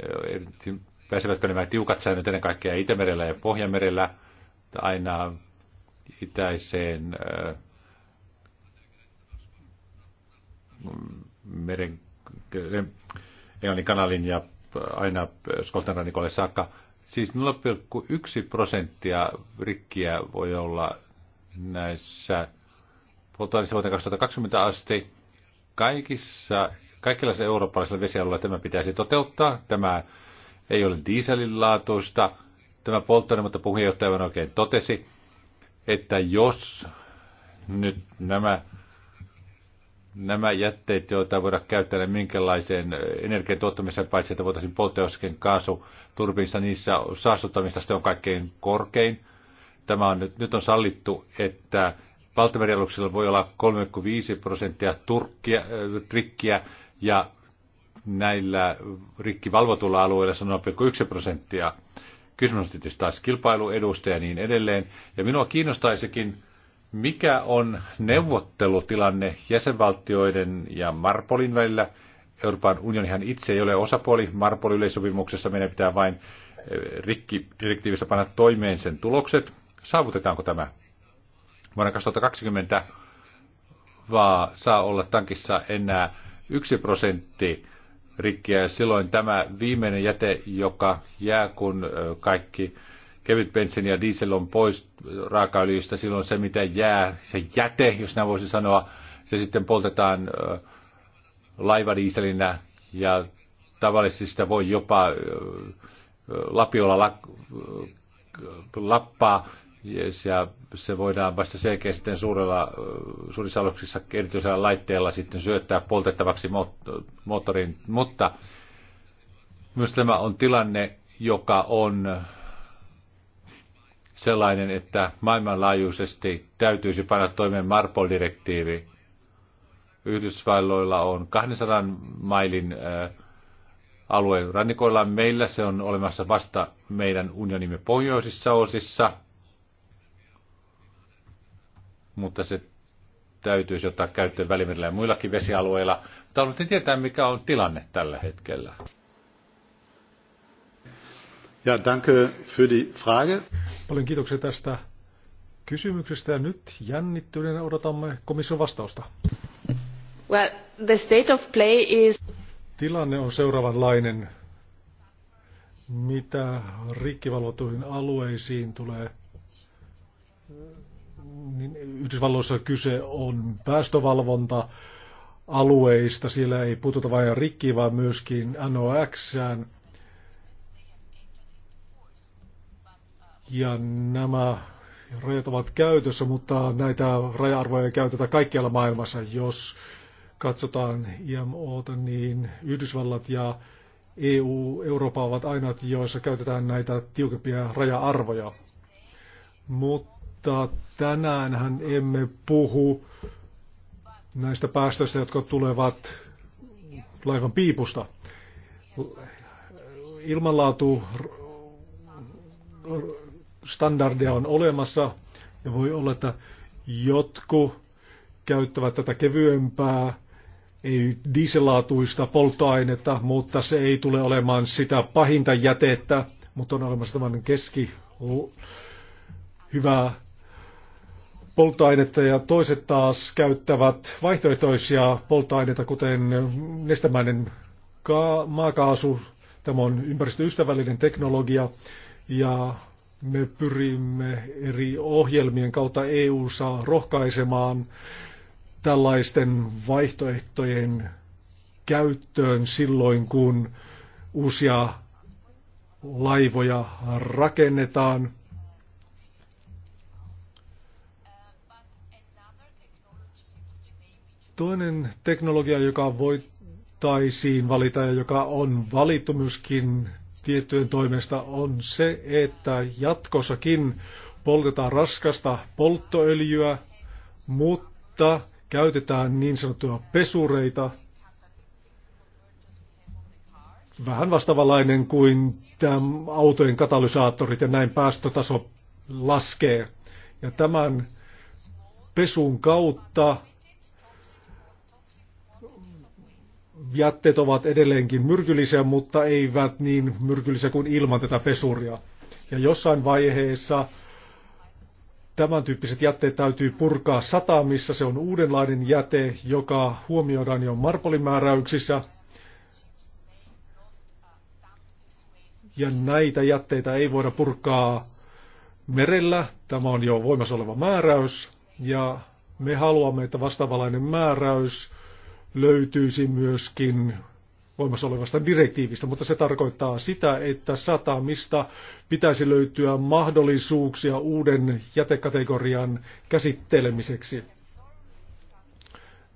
eh, pääsevätkö nämä tiukat säännöt ennen kaikkea Itämerellä ja Pohjanmerellä aina itäiseen äh, äh, Englannin kanalin ja aina Skoltan rannikolle saakka. Siis 0,1 prosenttia rikkiä voi olla näissä polttoaineissa vuoteen 2020 asti. Kaikissa, kaikilla se eurooppalaisilla vesialueilla tämä pitäisi toteuttaa. Tämä ei ole dieselin laatuista. Tämä polttoaine, mutta puheenjohtaja oikein totesi, että jos nyt nämä nämä jätteet, joita voidaan käyttää niin minkälaiseen energian tuottamiseen, paitsi että voitaisiin polttaa jossakin kaasuturbiinsa, niissä saastuttamista se on kaikkein korkein. Tämä on nyt, nyt on sallittu, että valtamerialuksilla voi olla 35 prosenttia turkkia, äh, trikkiä ja näillä rikkivalvotulla alueilla se on 0,1 prosenttia. Kysymys on tietysti taas kilpailuedusta ja niin edelleen. Ja minua kiinnostaisikin, mikä on neuvottelutilanne jäsenvaltioiden ja Marpolin välillä. Euroopan unionihan itse ei ole osapuoli Marpolin yleisopimuksessa. Meidän pitää vain eh, rikkidirektiivissä panna toimeen sen tulokset. Saavutetaanko tämä vuonna 2020 vaan saa olla tankissa enää 1 prosentti rikkiä ja silloin tämä viimeinen jäte, joka jää, kun kaikki kevyt bensin ja diesel on pois raakaöljystä, silloin se mitä jää, se jäte, jos näin voisi sanoa, se sitten poltetaan laivadiiselinä ja tavallisesti sitä voi jopa lapiolla lappaa Yes, ja se voidaan vasta sen jälkeen sitten suurella, suurissa aluksissa erityisellä laitteella sitten syöttää poltettavaksi moottoriin. Mutta myös tämä on tilanne, joka on sellainen, että maailmanlaajuisesti täytyisi panna toimeen Marpol-direktiivi. Yhdysvalloilla on 200 mailin alue rannikoillaan. Meillä se on olemassa vasta meidän unionimme pohjoisissa osissa – mutta se täytyisi ottaa käyttöön Välimerellä ja muillakin vesialueilla. Mutta haluaisin tietää, mikä on tilanne tällä hetkellä. Ja, danke für die Frage. Paljon kiitoksia tästä kysymyksestä ja nyt jännittyneenä odotamme komission vastausta. Well, the state of play is... Tilanne on seuraavanlainen. Mitä rikkivalvotuihin alueisiin tulee niin Yhdysvalloissa kyse on päästövalvonta alueista. Siellä ei puututa vain rikki vaan myöskin NOX. Ja nämä rajat ovat käytössä, mutta näitä raja-arvoja ei käytetä kaikkialla maailmassa. Jos katsotaan IMO, niin Yhdysvallat ja EU, Eurooppa ovat ainoat, joissa käytetään näitä tiukempia raja-arvoja. Mutta mutta tänäänhän emme puhu näistä päästöistä, jotka tulevat laivan piipusta. Ilmanlaatu standardia on olemassa ja voi olla, että jotkut käyttävät tätä kevyempää, ei dieselaatuista polttoainetta, mutta se ei tule olemaan sitä pahinta jätettä, mutta on olemassa tämmöinen keski hyvä polttoainetta ja toiset taas käyttävät vaihtoehtoisia polttoaineita, kuten nestemäinen ka- maakaasu. Tämä on ympäristöystävällinen teknologia ja me pyrimme eri ohjelmien kautta EU-ssa rohkaisemaan tällaisten vaihtoehtojen käyttöön silloin, kun uusia laivoja rakennetaan – Toinen teknologia, joka voitaisiin valita ja joka on valittu myöskin tiettyjen toimesta, on se, että jatkossakin poltetaan raskasta polttoöljyä, mutta käytetään niin sanottuja pesureita, vähän vastavalainen kuin tämän autojen katalysaattorit ja näin päästötaso laskee. Ja tämän pesun kautta jätteet ovat edelleenkin myrkyllisiä, mutta eivät niin myrkyllisiä kuin ilman tätä pesuria. Ja jossain vaiheessa tämän tyyppiset jätteet täytyy purkaa satamissa. Se on uudenlainen jäte, joka huomioidaan jo marpolimääräyksissä. Ja näitä jätteitä ei voida purkaa merellä. Tämä on jo voimassa oleva määräys. Ja me haluamme, että vastaavanlainen määräys – löytyisi myöskin voimassa olevasta direktiivistä, mutta se tarkoittaa sitä, että satamista pitäisi löytyä mahdollisuuksia uuden jätekategorian käsittelemiseksi.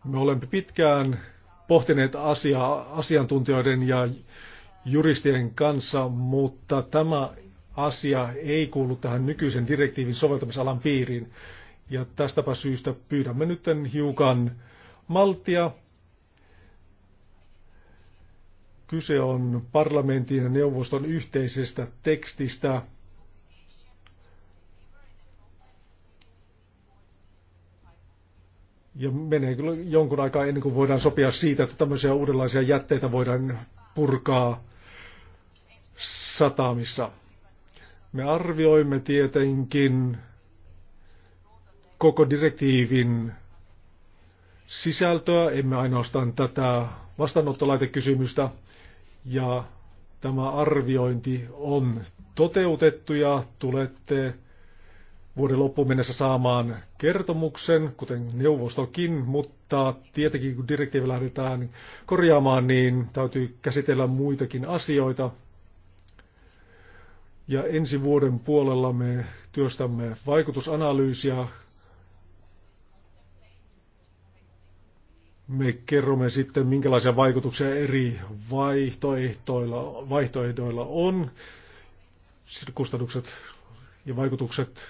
Me olemme pitkään pohtineet asiaa asiantuntijoiden ja juristien kanssa, mutta tämä asia ei kuulu tähän nykyisen direktiivin soveltamisalan piiriin. Ja tästäpä syystä pyydämme nyt hiukan malttia Kyse on parlamentin ja neuvoston yhteisestä tekstistä, Ja menee kyllä jonkun aikaa ennen kuin voidaan sopia siitä, että tämmöisiä uudenlaisia jätteitä voidaan purkaa satamissa. Me arvioimme tietenkin koko direktiivin sisältöä, emme ainoastaan tätä vastaanottolaitekysymystä ja tämä arviointi on toteutettu ja tulette vuoden loppuun mennessä saamaan kertomuksen, kuten neuvostokin, mutta tietenkin kun direktiivi lähdetään korjaamaan, niin täytyy käsitellä muitakin asioita. Ja ensi vuoden puolella me työstämme vaikutusanalyysiä me kerromme sitten, minkälaisia vaikutuksia eri vaihtoehdoilla, vaihtoehdoilla on. Kustannukset ja vaikutukset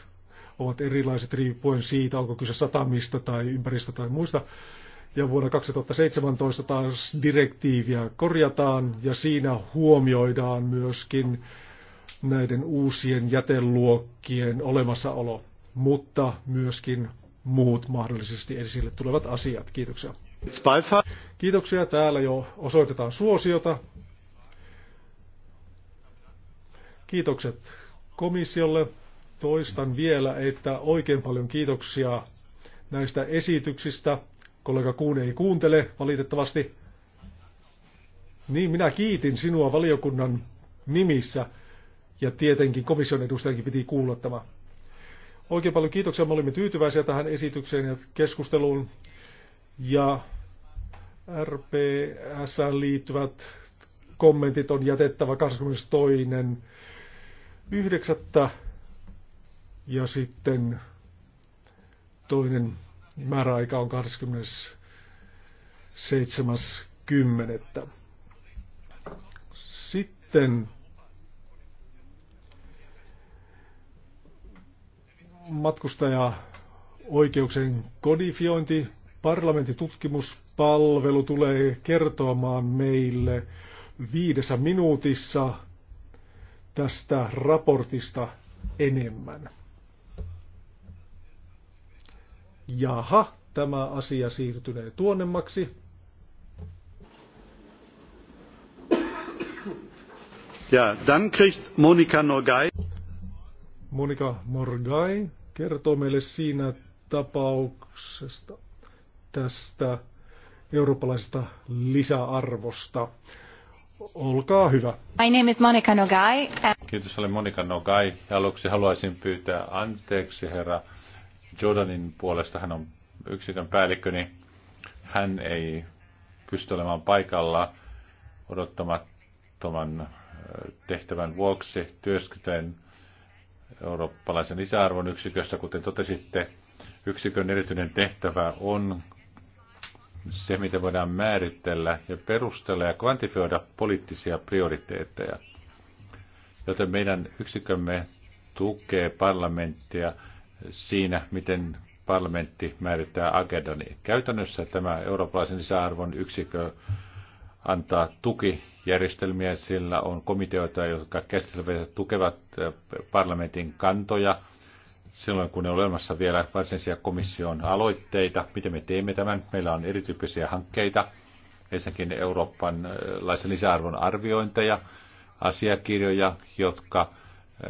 ovat erilaiset riippuen siitä, onko kyse satamista tai ympäristö tai muista. Ja vuonna 2017 taas direktiiviä korjataan ja siinä huomioidaan myöskin näiden uusien jäteluokkien olemassaolo, mutta myöskin muut mahdollisesti esille tulevat asiat. Kiitoksia. Kiitoksia. Täällä jo osoitetaan suosiota. Kiitokset komissiolle. Toistan vielä, että oikein paljon kiitoksia näistä esityksistä. Kollega Kuun ei kuuntele valitettavasti. Niin, minä kiitin sinua valiokunnan nimissä ja tietenkin komission edustajankin piti kuulla tämä. Oikein paljon kiitoksia. Me olimme tyytyväisiä tähän esitykseen ja keskusteluun ja RPS liittyvät kommentit on jätettävä 22.9. ja sitten toinen määräaika on 27.10. Sitten matkustaja oikeuksien kodifiointi tutkimuspalvelu tulee kertomaan meille viidessä minuutissa tästä raportista enemmän. Jaha, tämä asia siirtynee tuonnemmaksi. Ja, dann kriegt Monika Norgay. Monika Morgai kertoo meille siinä tapauksesta tästä eurooppalaisesta lisäarvosta. Olkaa hyvä. My name is Monica Nogai. Kiitos, olen Monika Nogai. Aluksi haluaisin pyytää anteeksi herra Jordanin puolesta. Hän on yksikön päällikköni. Niin hän ei pysty olemaan paikalla odottamattoman tehtävän vuoksi työskentelen eurooppalaisen lisäarvon yksikössä, kuten totesitte. Yksikön erityinen tehtävä on se, miten voidaan määritellä ja perustella ja kvantifioida poliittisia prioriteetteja. Joten meidän yksikömme tukee parlamenttia siinä, miten parlamentti määrittää agendani. Käytännössä tämä eurooppalaisen lisäarvon yksikö antaa tukijärjestelmiä, sillä on komiteoita, jotka käsittelevät ja tukevat eh, parlamentin kantoja – silloin, kun ne on olemassa vielä varsinaisia komission aloitteita. Miten me teemme tämän? Meillä on erityyppisiä hankkeita. Ensinnäkin eurooppalaisen lisäarvon arviointeja, asiakirjoja, jotka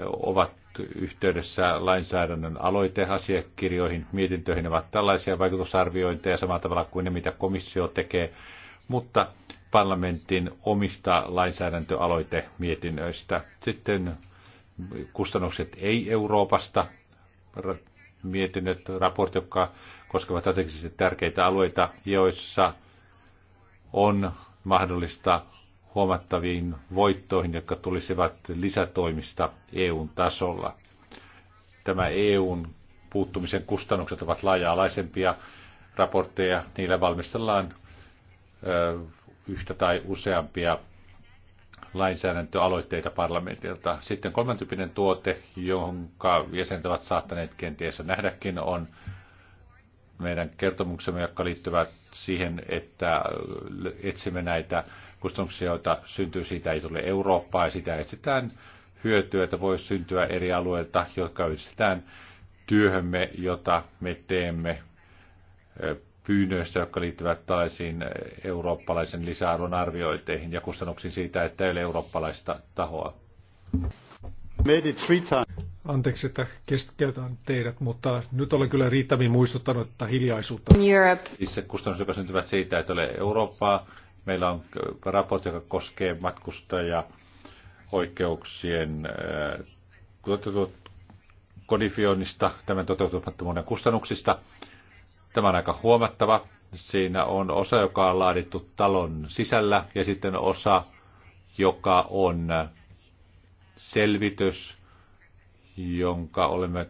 ovat yhteydessä lainsäädännön aloiteasiakirjoihin, mietintöihin ne ovat tällaisia vaikutusarviointeja samalla tavalla kuin ne, mitä komissio tekee, mutta parlamentin omista lainsäädäntöaloitemietinnöistä. Sitten kustannukset ei-Euroopasta, mietinnöt, raportit, jotka koskevat strategisesti tärkeitä alueita, joissa on mahdollista huomattaviin voittoihin, jotka tulisivat lisätoimista EUn tasolla. Tämä EUn puuttumisen kustannukset ovat laaja-alaisempia raportteja. Niillä valmistellaan yhtä tai useampia lainsäädäntöaloitteita parlamentilta. Sitten kolmantyyppinen tuote, jonka jäsenet ovat saattaneet kenties nähdäkin, on meidän kertomuksemme, jotka liittyvät siihen, että etsimme näitä kustannuksia, joita syntyy siitä, ei tule Eurooppaa, ja sitä etsitään hyötyä, että voisi syntyä eri alueilta, jotka yhdistetään työhömme, jota me teemme pyynnöistä, jotka liittyvät tällaisiin eurooppalaisen lisäarvon arviointeihin ja kustannuksiin siitä, että ei ole eurooppalaista tahoa. Anteeksi, että keskeytän teidät, mutta nyt olen kyllä riittävin muistuttanut että hiljaisuutta. Europe. Itse siis kustannukset, syntyvät siitä, että ole Eurooppaa. Meillä on raportti, joka koskee matkustajaoikeuksien äh, oikeuksien kodifioinnista, tämän toteutumattomuuden kustannuksista. Tämä on aika huomattava. Siinä on osa, joka on laadittu talon sisällä ja sitten osa, joka on selvitys, jonka olemme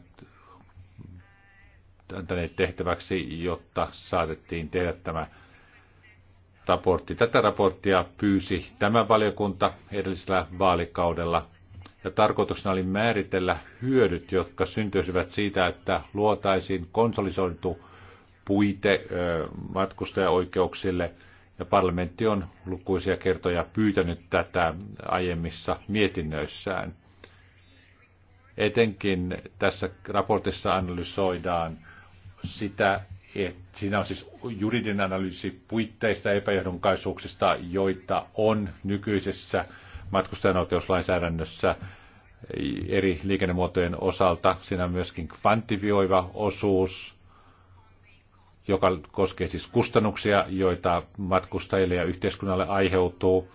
antaneet tehtäväksi, jotta saatettiin tehdä tämä raportti. Tätä raporttia pyysi tämä valiokunta edellisellä vaalikaudella. Ja tarkoituksena oli määritellä hyödyt, jotka syntyisivät siitä, että luotaisiin konsolisoitu puite matkustajaoikeuksille, ja parlamentti on lukuisia kertoja pyytänyt tätä aiemmissa mietinnöissään. Etenkin tässä raportissa analysoidaan sitä, että siinä on siis juridinen analyysi puitteista epäjohdonmukaisuuksista, joita on nykyisessä matkustajan oikeuslainsäädännössä eri liikennemuotojen osalta. Siinä on myöskin kvantifioiva osuus joka koskee siis kustannuksia, joita matkustajille ja yhteiskunnalle aiheutuu.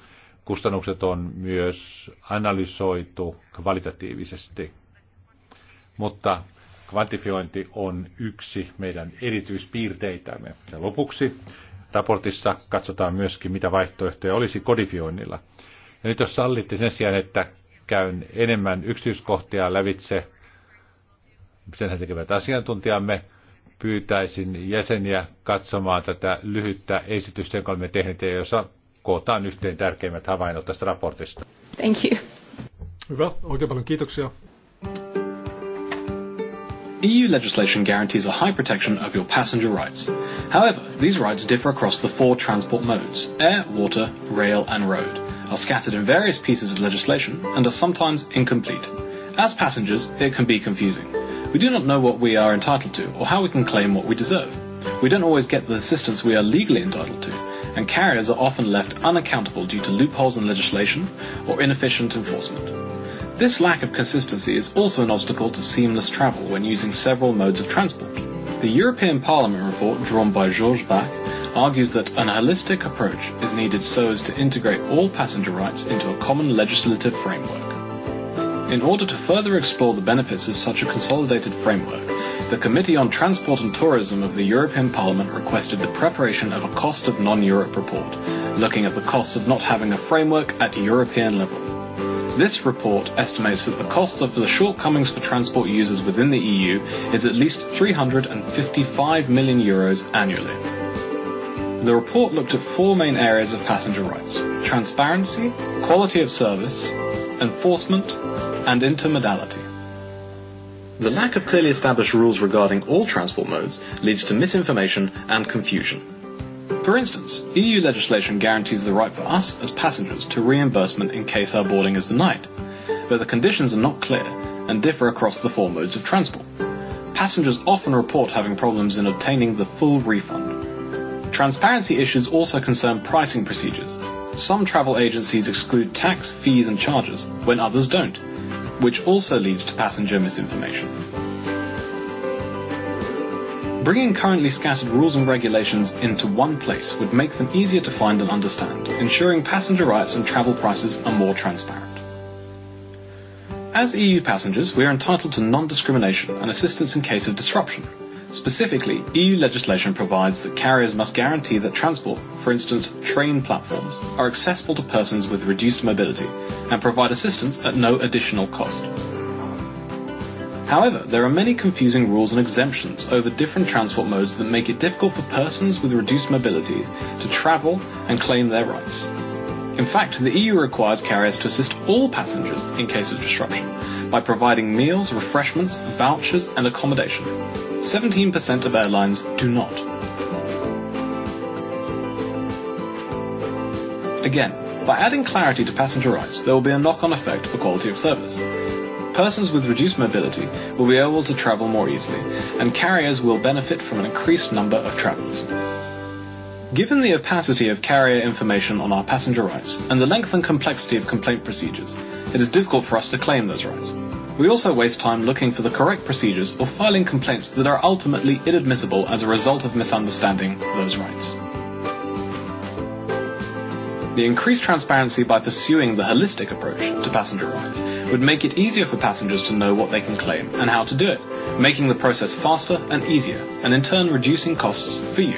Kustannukset on myös analysoitu kvalitatiivisesti. Mutta kvantifiointi on yksi meidän erityispiirteitämme. Ja lopuksi raportissa katsotaan myöskin, mitä vaihtoehtoja olisi kodifioinnilla. Ja nyt jos sallitte sen sijaan, että käyn enemmän yksityiskohtia lävitse, sen he tekevät asiantuntijamme, pyytäisin jäseniä katsomaan tätä lyhyttä esitystä, jonka olemme tehneet ja jossa kootaan yhteen tärkeimmät havainnot tästä raportista. Thank you. Hyvä, oikein paljon kiitoksia. EU legislation guarantees a high protection of your passenger rights. However, these rights differ across the four transport modes air, water, rail, and road, are scattered in various pieces of legislation, and are sometimes incomplete. As passengers, it can be confusing. We do not know what we are entitled to or how we can claim what we deserve. We don't always get the assistance we are legally entitled to, and carriers are often left unaccountable due to loopholes in legislation or inefficient enforcement. This lack of consistency is also an obstacle to seamless travel when using several modes of transport. The European Parliament report drawn by Georges Bach argues that an holistic approach is needed so as to integrate all passenger rights into a common legislative framework. In order to further explore the benefits of such a consolidated framework, the Committee on Transport and Tourism of the European Parliament requested the preparation of a Cost of Non-Europe report, looking at the costs of not having a framework at European level. This report estimates that the cost of the shortcomings for transport users within the EU is at least 355 million euros annually. The report looked at four main areas of passenger rights: transparency, quality of service, enforcement, and intermodality. The lack of clearly established rules regarding all transport modes leads to misinformation and confusion. For instance, EU legislation guarantees the right for us as passengers to reimbursement in case our boarding is denied, but the conditions are not clear and differ across the four modes of transport. Passengers often report having problems in obtaining the full refund. Transparency issues also concern pricing procedures some travel agencies exclude tax, fees, and charges when others don't, which also leads to passenger misinformation. Bringing currently scattered rules and regulations into one place would make them easier to find and understand, ensuring passenger rights and travel prices are more transparent. As EU passengers, we are entitled to non-discrimination and assistance in case of disruption, Specifically, EU legislation provides that carriers must guarantee that transport, for instance train platforms, are accessible to persons with reduced mobility and provide assistance at no additional cost. However, there are many confusing rules and exemptions over different transport modes that make it difficult for persons with reduced mobility to travel and claim their rights. In fact, the EU requires carriers to assist all passengers in case of disruption by providing meals, refreshments, vouchers and accommodation. 17% of airlines do not. Again, by adding clarity to passenger rights, there will be a knock-on effect for quality of service. Persons with reduced mobility will be able to travel more easily, and carriers will benefit from an increased number of travels. Given the opacity of carrier information on our passenger rights and the length and complexity of complaint procedures, it is difficult for us to claim those rights. We also waste time looking for the correct procedures or filing complaints that are ultimately inadmissible as a result of misunderstanding those rights. The increased transparency by pursuing the holistic approach to passenger rights would make it easier for passengers to know what they can claim and how to do it, making the process faster and easier, and in turn reducing costs for you.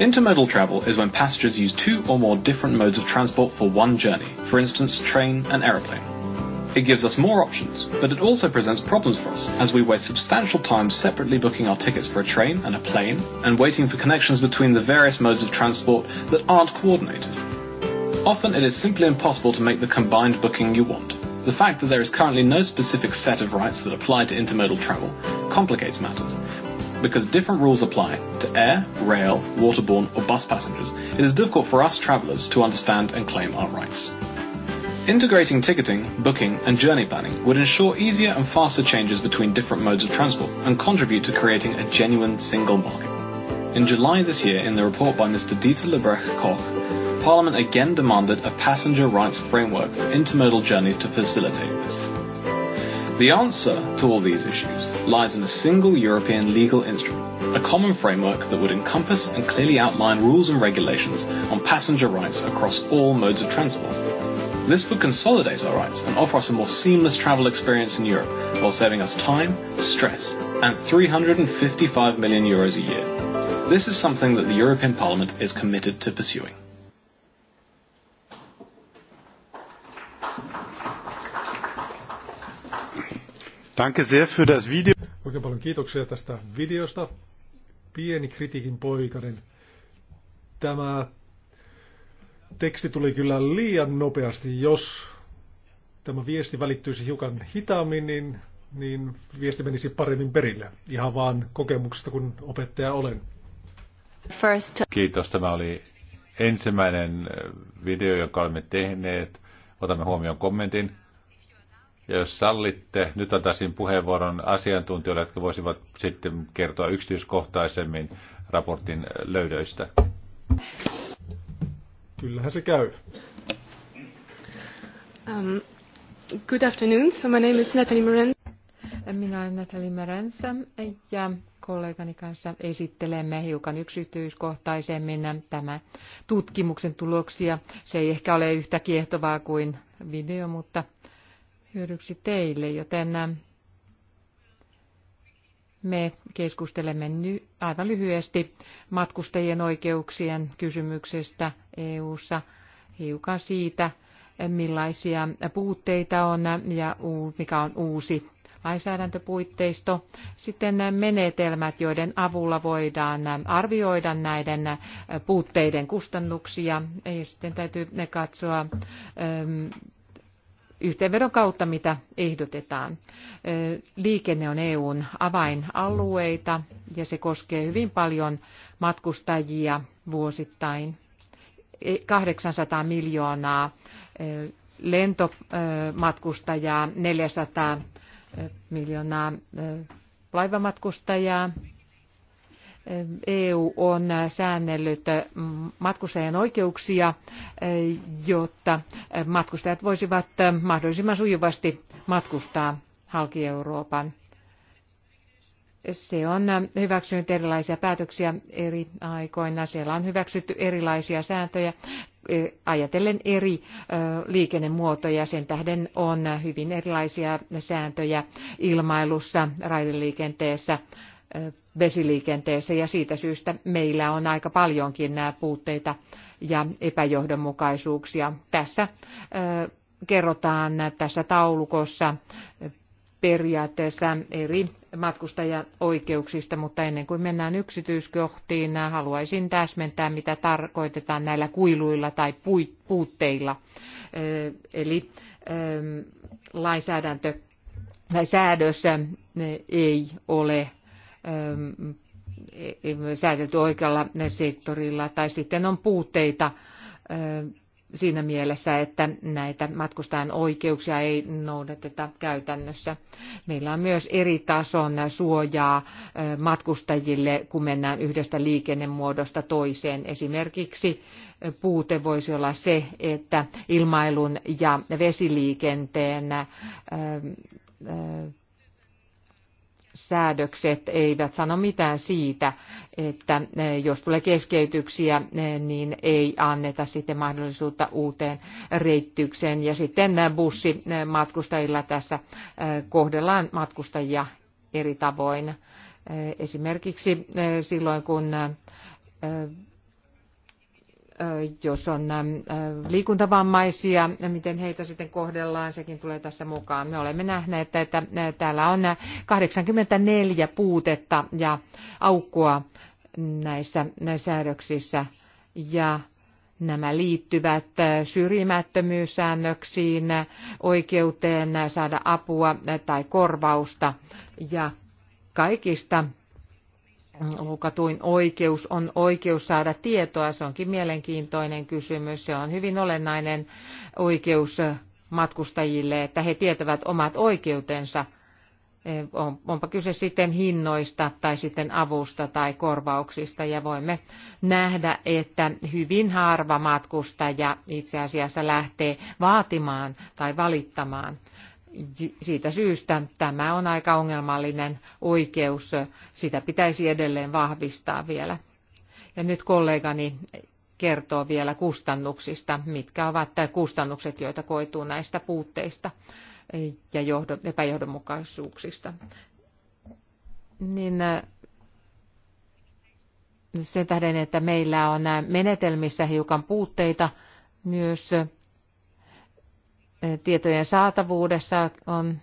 Intermodal travel is when passengers use two or more different modes of transport for one journey, for instance, train and aeroplane. It gives us more options, but it also presents problems for us as we waste substantial time separately booking our tickets for a train and a plane and waiting for connections between the various modes of transport that aren't coordinated. Often it is simply impossible to make the combined booking you want. The fact that there is currently no specific set of rights that apply to intermodal travel complicates matters. Because different rules apply to air, rail, waterborne, or bus passengers, it is difficult for us travellers to understand and claim our rights. Integrating ticketing, booking, and journey planning would ensure easier and faster changes between different modes of transport and contribute to creating a genuine single market. In July this year, in the report by Mr. Dieter Lebrecht Koch, Parliament again demanded a passenger rights framework for intermodal journeys to facilitate this. The answer to all these issues lies in a single European legal instrument, a common framework that would encompass and clearly outline rules and regulations on passenger rights across all modes of transport. This would consolidate our rights and offer us a more seamless travel experience in Europe, while saving us time, stress, and 355 million euros a year. This is something that the European Parliament is committed to pursuing. Danke sehr für das Video. Oikein paljon kiitoksia tästä videosta. Pieni kritiikin poikainen. Tämä teksti tuli kyllä liian nopeasti. Jos tämä viesti välittyisi hiukan hitaammin, niin, niin viesti menisi paremmin perille. Ihan vaan kokemuksesta, kun opettaja olen. First. Kiitos. Tämä oli ensimmäinen äh, video, jonka olemme tehneet. Otamme huomioon kommentin. Ja jos sallitte, nyt antaisin puheenvuoron asiantuntijoille, jotka voisivat sitten kertoa yksityiskohtaisemmin raportin äh, löydöistä. Kyllähän se käy. Um, good afternoon. So my name is Natalie Moren. Minä olen Natalie Merensa ja kollegani kanssa esittelemme hiukan yksityiskohtaisemmin tämä tutkimuksen tuloksia. Se ei ehkä ole yhtä kiehtovaa kuin video, mutta hyödyksi teille, joten me keskustelemme ny, aivan lyhyesti matkustajien oikeuksien kysymyksestä EU:ssa hiukan siitä, millaisia puutteita on ja mikä on uusi lainsäädäntöpuitteisto. Sitten menetelmät, joiden avulla voidaan arvioida näiden puutteiden kustannuksia. Ja sitten täytyy katsoa yhteenvedon kautta, mitä ehdotetaan. Liikenne on EUn avainalueita ja se koskee hyvin paljon matkustajia vuosittain. 800 e, miljoonaa lentomatkustajaa, 400 miljoonaa laivamatkustajaa EU e on säännellyt matkustajan oikeuksia, e, jotta matkustajat voisivat mahdollisimman sujuvasti matkustaa halki Euroopan. Se on hyväksynyt erilaisia päätöksiä eri aikoina. Siellä on hyväksytty erilaisia sääntöjä e, ajatellen eri liikennemuotoja. Sen tähden on hyvin erilaisia sääntöjä ilmailussa, raideliikenteessä, vesiliikenteessä ja siitä syystä meillä on aika paljonkin nämä puutteita ja epäjohdonmukaisuuksia. Tässä kerrotaan tässä taulukossa periaatteessa eri matkustajaoikeuksista, mutta ennen kuin mennään yksityiskohtiin, haluaisin täsmentää, mitä tarkoitetaan näillä kuiluilla tai puutteilla. Eli lainsäädäntö tai säädös ei ole E, e, säädelty oikealla sektorilla tai sitten on puutteita siinä mielessä, että näitä matkustajan oikeuksia ei noudateta käytännössä. Meillä on myös eri tason suojaa matkustajille, kun mennään yhdestä liikennemuodosta toiseen. Esimerkiksi puute voisi olla se, että ilmailun ja vesiliikenteen säädökset eivät sano mitään siitä, että eh, jos tulee keskeytyksiä, eh, niin ei anneta sitten mahdollisuutta uuteen reittykseen. Ja sitten eh, bussimatkustajilla tässä kohdellaan matkustajia eri tavoin. Esimerkiksi silloin, kun jos on liikuntavammaisia, miten heitä sitten kohdellaan, sekin tulee tässä mukaan. Me olemme nähneet, että täällä on 84 puutetta ja aukkoa näissä säädöksissä ja Nämä liittyvät syrjimättömyyssäännöksiin, oikeuteen saada apua tai korvausta ja kaikista lukatuin oikeus on oikeus saada tietoa. Se onkin mielenkiintoinen kysymys. Se on hyvin olennainen oikeus matkustajille, että he tietävät omat oikeutensa. E, onpa kyse sitten hinnoista tai sitten avusta tai korvauksista ja voimme nähdä, että hyvin harva matkustaja itse asiassa lähtee vaatimaan tai valittamaan siitä syystä tämä on aika ongelmallinen oikeus. Sitä pitäisi edelleen vahvistaa vielä. Ja nyt kollegani kertoo vielä kustannuksista, mitkä ovat kustannukset, joita koituu näistä puutteista ja johdon, epäjohdonmukaisuuksista. Niin sen tähden, että meillä on menetelmissä hiukan puutteita myös tietojen saatavuudessa on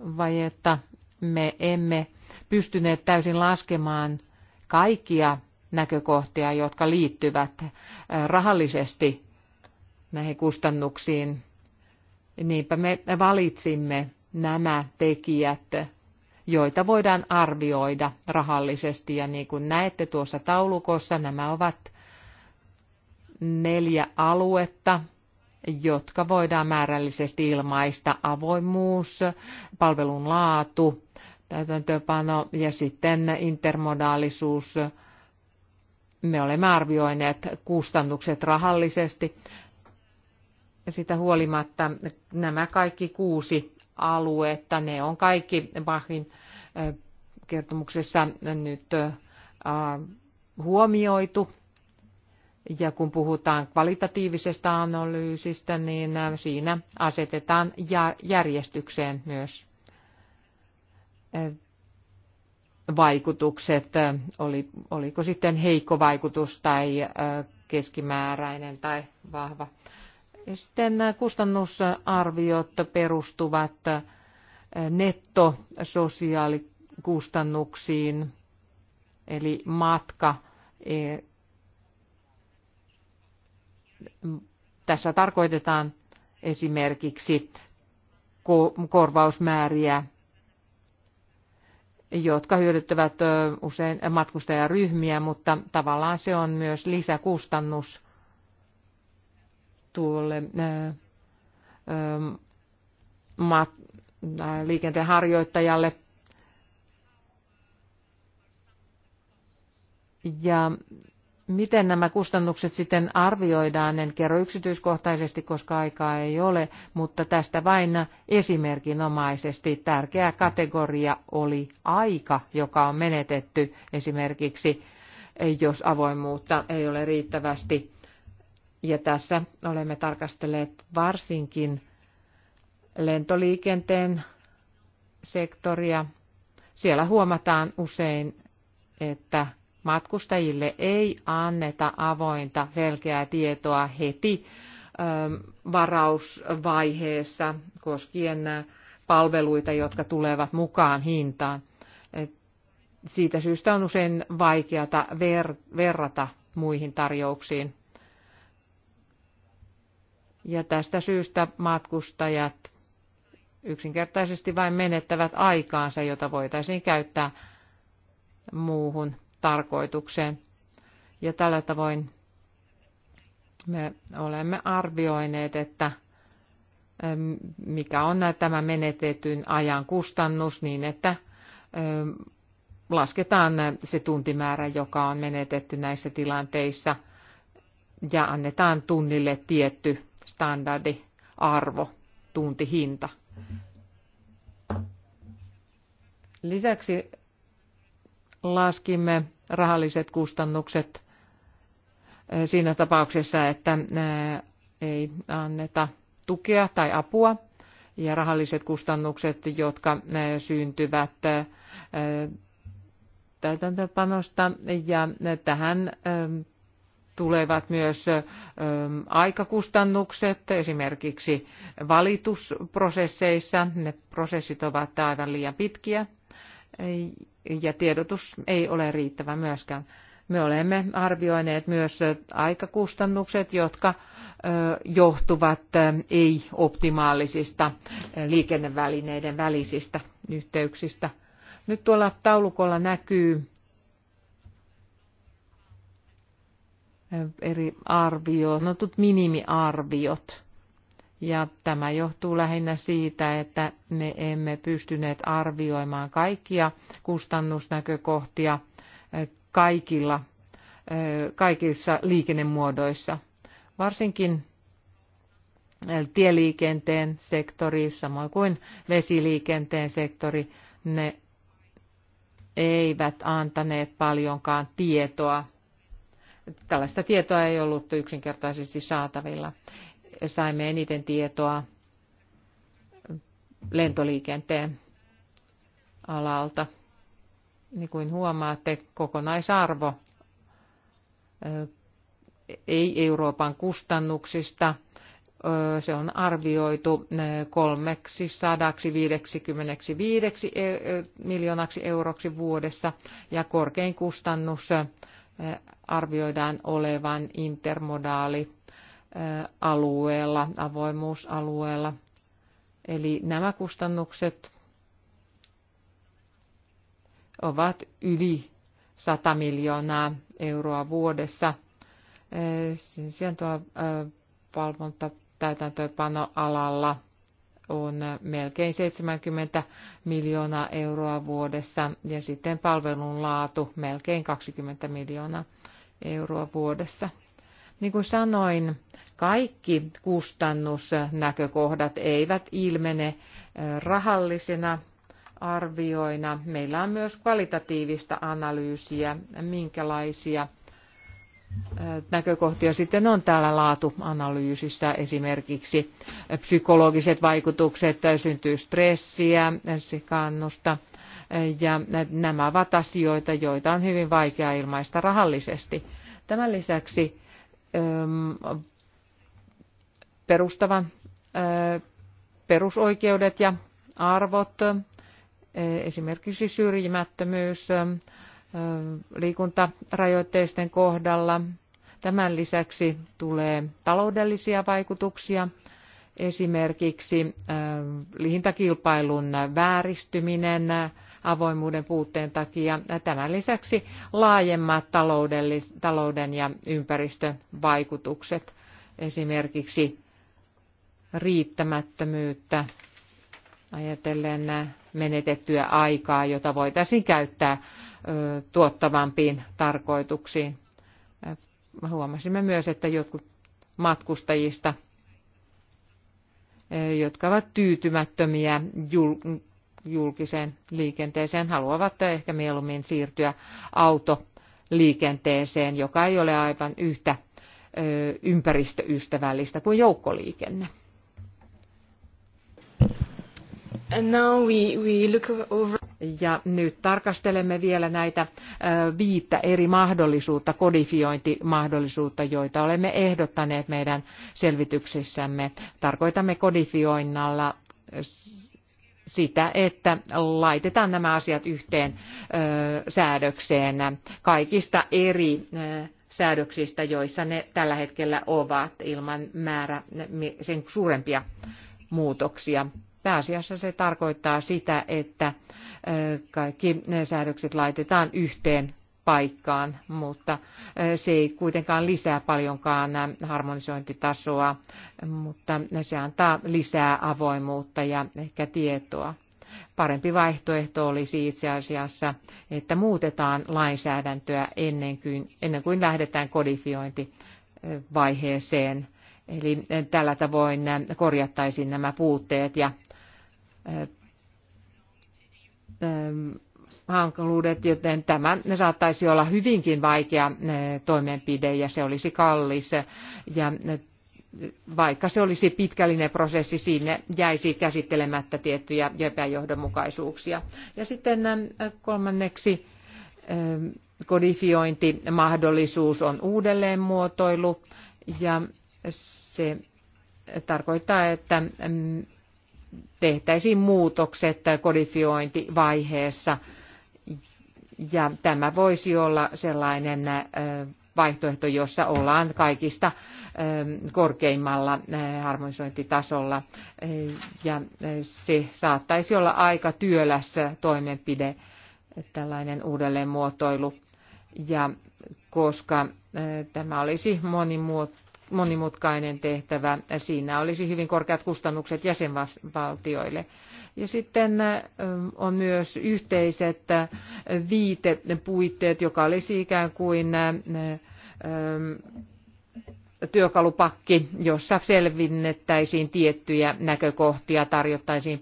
vajetta. Me emme pystyneet täysin laskemaan kaikkia näkökohtia, jotka liittyvät äh, rahallisesti näihin kustannuksiin. Niinpä me valitsimme nämä tekijät, joita voidaan arvioida rahallisesti. Ja niin kuin näette tuossa taulukossa, nämä ovat neljä aluetta, jotka voidaan määrällisesti ilmaista avoimuus, palvelun laatu, täytäntöpano ja sitten intermodaalisuus. Me olemme arvioineet kustannukset rahallisesti. Sitä huolimatta nämä kaikki kuusi aluetta, ne on kaikki Bachin äh, kertomuksessa nyt äh, huomioitu ja kun puhutaan kvalitatiivisesta analyysistä, niin äh, siinä asetetaan järjestykseen myös äh, vaikutukset, äh, oli, oliko sitten heikko vaikutus tai keskimääräinen tai vahva. Ja sitten kustannusarviot perustuvat nettososiaalikustannuksiin, eli matka e, tässä tarkoitetaan esimerkiksi korvausmääriä, jotka hyödyttävät usein matkustajaryhmiä, mutta tavallaan se on myös lisäkustannus tuolle liikenteen harjoittajalle. Ja miten nämä kustannukset sitten arvioidaan, en kerro yksityiskohtaisesti, koska aikaa ei ole, mutta tästä vain esimerkinomaisesti tärkeä kategoria oli aika, joka on menetetty esimerkiksi, jos avoimuutta ei ole riittävästi. Ja tässä olemme tarkastelleet varsinkin lentoliikenteen sektoria. Siellä huomataan usein, että matkustajille ei anneta avointa selkeää tietoa heti ähm, varausvaiheessa koskien äh, palveluita, jotka tulevat mukaan hintaan. Siitä syystä on usein vaikeata ver- verrata muihin tarjouksiin. Ja tästä syystä matkustajat yksinkertaisesti vain menettävät aikaansa, jota voitaisiin käyttää muuhun tarkoitukseen. Ja tällä tavoin me olemme arvioineet, että mikä on tämä menetetyn ajan kustannus niin, että lasketaan se tuntimäärä, joka on menetetty näissä tilanteissa ja annetaan tunnille tietty standarti-arvo tuntihinta. Lisäksi laskimme rahalliset kustannukset eh, siinä tapauksessa, että eh, ei anneta tukea tai apua ja rahalliset kustannukset, jotka eh, syntyvät täytäntöpanosta ja tähän tulevat myös aikakustannukset esimerkiksi valitusprosesseissa. Ne prosessit ovat aivan liian pitkiä ja tiedotus ei ole riittävä myöskään. Me olemme arvioineet myös aikakustannukset, jotka johtuvat ei-optimaalisista liikennevälineiden välisistä yhteyksistä. Nyt tuolla taulukolla näkyy eri arvio, no minimiarviot ja tämä johtuu lähinnä siitä, että me emme pystyneet arvioimaan kaikkia kustannusnäkökohtia eh, kaikilla, eh, kaikissa liikennemuodoissa. Varsinkin eh, tieliikenteen sektori, samoin kuin vesiliikenteen sektori, ne eivät antaneet paljonkaan tietoa. Tällaista tietoa ei ollut yksinkertaisesti saatavilla saimme eniten tietoa lentoliikenteen alalta. Niin kuin huomaatte, kokonaisarvo ei Euroopan kustannuksista. Se on arvioitu 355 miljoonaksi euroksi vuodessa ja korkein kustannus arvioidaan olevan intermodaali alueella, avoimuusalueella. Eli nämä kustannukset ovat yli 100 miljoonaa euroa vuodessa. Sen sijaan tuolla valvonta täytäntöönpanoalalla on melkein 70 miljoonaa euroa vuodessa ja sitten palvelun laatu melkein 20 miljoonaa euroa vuodessa. Niin kuin sanoin, kaikki kustannusnäkökohdat eivät ilmene rahallisena arvioina. Meillä on myös kvalitatiivista analyysiä, minkälaisia näkökohtia sitten on täällä laatuanalyysissä esimerkiksi psykologiset vaikutukset, syntyy stressiä, sekannusta ja nämä ovat asioita, joita on hyvin vaikea ilmaista rahallisesti. Tämän lisäksi perustavan perusoikeudet ja arvot, esimerkiksi syrjimättömyys liikuntarajoitteisten kohdalla. Tämän lisäksi tulee taloudellisia vaikutuksia, esimerkiksi hintakilpailun vääristyminen, avoimuuden puutteen takia. Tämän lisäksi laajemmat talouden ja ympäristön vaikutukset, esimerkiksi riittämättömyyttä ajatellen menetettyä aikaa, jota voitaisiin käyttää tuottavampiin tarkoituksiin. Huomasimme myös, että jotkut matkustajista, jotka ovat tyytymättömiä julkiseen liikenteeseen, haluavat ehkä mieluummin siirtyä autoliikenteeseen, joka ei ole aivan yhtä ympäristöystävällistä kuin joukkoliikenne. Ja nyt tarkastelemme vielä näitä viittä eri mahdollisuutta, kodifiointimahdollisuutta, joita olemme ehdottaneet meidän selvityksissämme. Tarkoitamme kodifioinnalla sitä, että laitetaan nämä asiat yhteen säädökseen kaikista eri säädöksistä, joissa ne tällä hetkellä ovat ilman määrä sen suurempia muutoksia. Pääasiassa se tarkoittaa sitä, että kaikki ne säädökset laitetaan yhteen paikkaan, mutta eh, se ei kuitenkaan lisää paljonkaan eh, harmonisointitasoa, mutta se antaa lisää avoimuutta ja ehkä tietoa. Parempi vaihtoehto olisi itse asiassa, että muutetaan lainsäädäntöä ennen kuin, ennen kuin lähdetään kodifiointivaiheeseen. Eh, Eli tällä tavoin korjattaisiin nämä puutteet ja hankaluudet, joten tämä saattaisi olla hyvinkin vaikea eh, toimenpide ja se olisi kallis. Ja eh, vaikka se olisi pitkällinen prosessi, sinne jäisi käsittelemättä tiettyjä epäjohdonmukaisuuksia. Ja sitten eh, kolmanneksi kodifiointimahdollisuus on uudelleenmuotoilu ja se tarkoittaa, että mm, tehtäisiin muutokset kodifiointivaiheessa ja tämä voisi olla sellainen vaihtoehto, jossa ollaan kaikista korkeimmalla harmonisointitasolla. Ja se saattaisi olla aika työläs toimenpide, tällainen uudelleenmuotoilu. Ja koska tämä olisi monimutkainen tehtävä, siinä olisi hyvin korkeat kustannukset jäsenvaltioille ja sitten on myös yhteiset viitepuitteet, joka olisi ikään kuin työkalupakki, jossa selvinnettäisiin tiettyjä näkökohtia, tarjottaisiin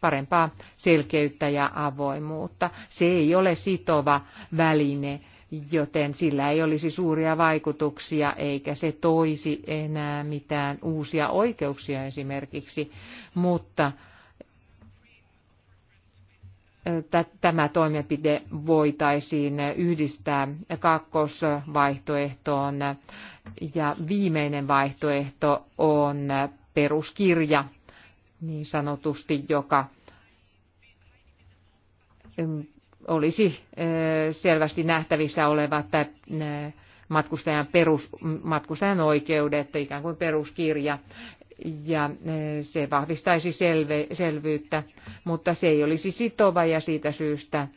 parempaa selkeyttä ja avoimuutta. Se ei ole sitova väline, joten sillä ei olisi suuria vaikutuksia eikä se toisi enää mitään uusia oikeuksia esimerkiksi, mutta tämä toimenpide voitaisiin yhdistää kakkosvaihtoehtoon. Ja viimeinen vaihtoehto on peruskirja, niin sanotusti, joka olisi eh, selvästi nähtävissä oleva eh, matkustajan, perus, matkustajan oikeudet, ikään kuin peruskirja ja eh, se vahvistaisi selve, selvyyttä, mutta se ei olisi sitova ja siitä syystä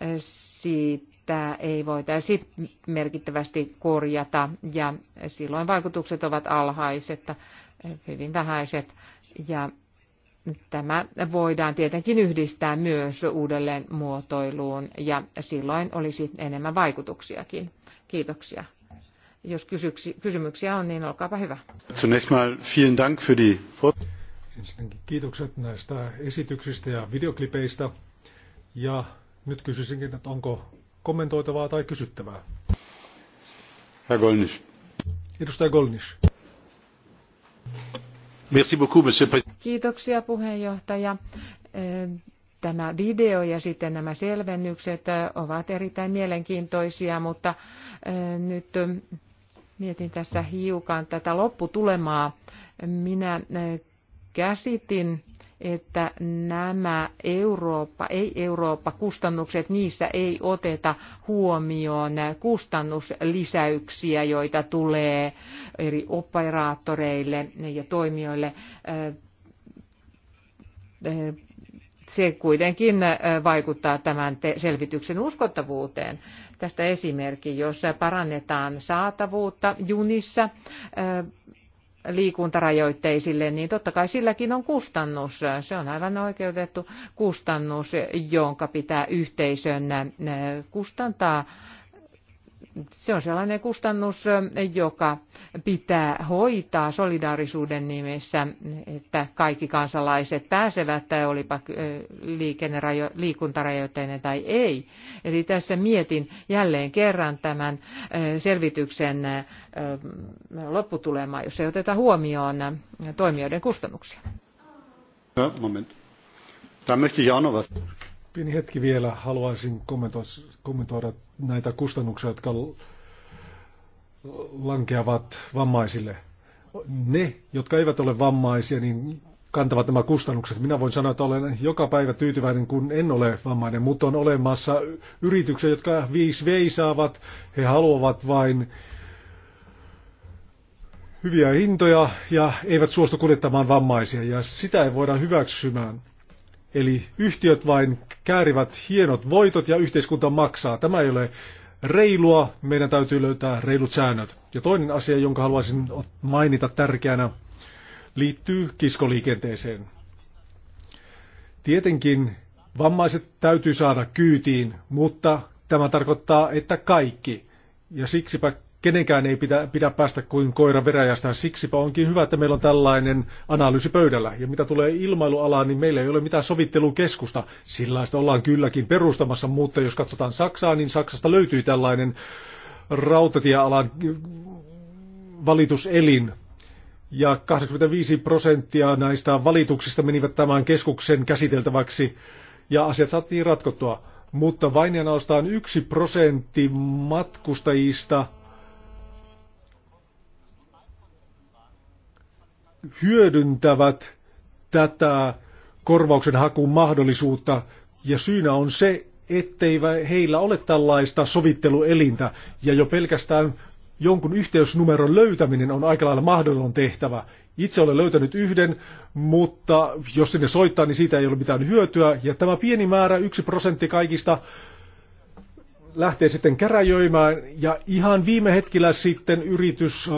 eh, siitä ei voitaisi merkittävästi korjata ja silloin vaikutukset ovat alhaiset, eh, hyvin vähäiset ja Tämä voidaan tietenkin yhdistää myös uudelleen muotoiluun ja silloin olisi enemmän vaikutuksiakin. Kiitoksia. Jos kysymyksiä on, niin olkaapa hyvä. Zunächst mal vielen Dank für die Ensinnäkin kiitokset näistä esityksistä ja videoklipeistä. Ja nyt kysyisinkin, että onko kommentoitavaa tai kysyttävää? Herr Golnisch. Edustaja Golnisch. Merci beaucoup, monsieur Kiitoksia puheenjohtaja. Tämä video ja sitten nämä selvennykset ovat erittäin mielenkiintoisia, mutta nyt mietin tässä hiukan tätä lopputulemaa. Minä eh, käsitin, että nämä Eurooppa, ei-Eurooppa-kustannukset, niissä ei oteta huomioon kustannuslisäyksiä, joita tulee eri operaattoreille ja toimijoille eh, eh, se kuitenkin äh, vaikuttaa tämän selvityksen uskottavuuteen. Tästä esimerkki, jos parannetaan saatavuutta junissa äh, liikuntarajoitteisille, niin totta kai silläkin on kustannus. Se on aivan oikeutettu kustannus, jonka pitää yhteisön äh, kustantaa se on sellainen kustannus, joka pitää hoitaa solidaarisuuden nimessä, että kaikki kansalaiset pääsevät, tai olipa eh, liikuntarajoitteinen tai ei. Eli tässä mietin jälleen kerran tämän eh, selvityksen eh, lopputulemaa, jos ei oteta huomioon toimijoiden kustannuksia. Ja, Moment. möchte ich auch noch was. Pieni hetki vielä. Haluaisin kommentoida näitä kustannuksia, jotka lankeavat vammaisille. Ne, jotka eivät ole vammaisia, niin kantavat nämä kustannukset. Minä voin sanoa, että olen joka päivä tyytyväinen, kun en ole vammainen, mutta on olemassa yrityksiä, jotka viis veisaavat. He haluavat vain hyviä hintoja ja eivät suostu kuljettamaan vammaisia, ja sitä ei voida hyväksymään Eli yhtiöt vain käärivät hienot voitot ja yhteiskunta maksaa. Tämä ei ole reilua, meidän täytyy löytää reilut säännöt. Ja toinen asia, jonka haluaisin mainita tärkeänä, liittyy kiskoliikenteeseen. Tietenkin vammaiset täytyy saada kyytiin, mutta tämä tarkoittaa, että kaikki. Ja siksipä kenenkään ei pidä, pidä päästä kuin koira veräjästään. Siksipä onkin hyvä, että meillä on tällainen analyysi pöydällä. Ja mitä tulee ilmailualaan, niin meillä ei ole mitään sovittelukeskusta. Sillaista ollaan kylläkin perustamassa, mutta jos katsotaan Saksaa, niin Saksasta löytyy tällainen rautatiealan valituselin. Ja 85 prosenttia näistä valituksista menivät tämän keskuksen käsiteltäväksi ja asiat saatiin ratkottua mutta vain ja yksi prosentti matkustajista hyödyntävät tätä korvauksen hakun mahdollisuutta ja syynä on se, ettei heillä ole tällaista sovitteluelintä ja jo pelkästään jonkun yhteysnumeron löytäminen on aika lailla mahdoton tehtävä. Itse olen löytänyt yhden, mutta jos sinne soittaa, niin siitä ei ole mitään hyötyä. Ja tämä pieni määrä, yksi prosentti kaikista lähtee sitten käräjöimään ja ihan viime hetkellä sitten yritys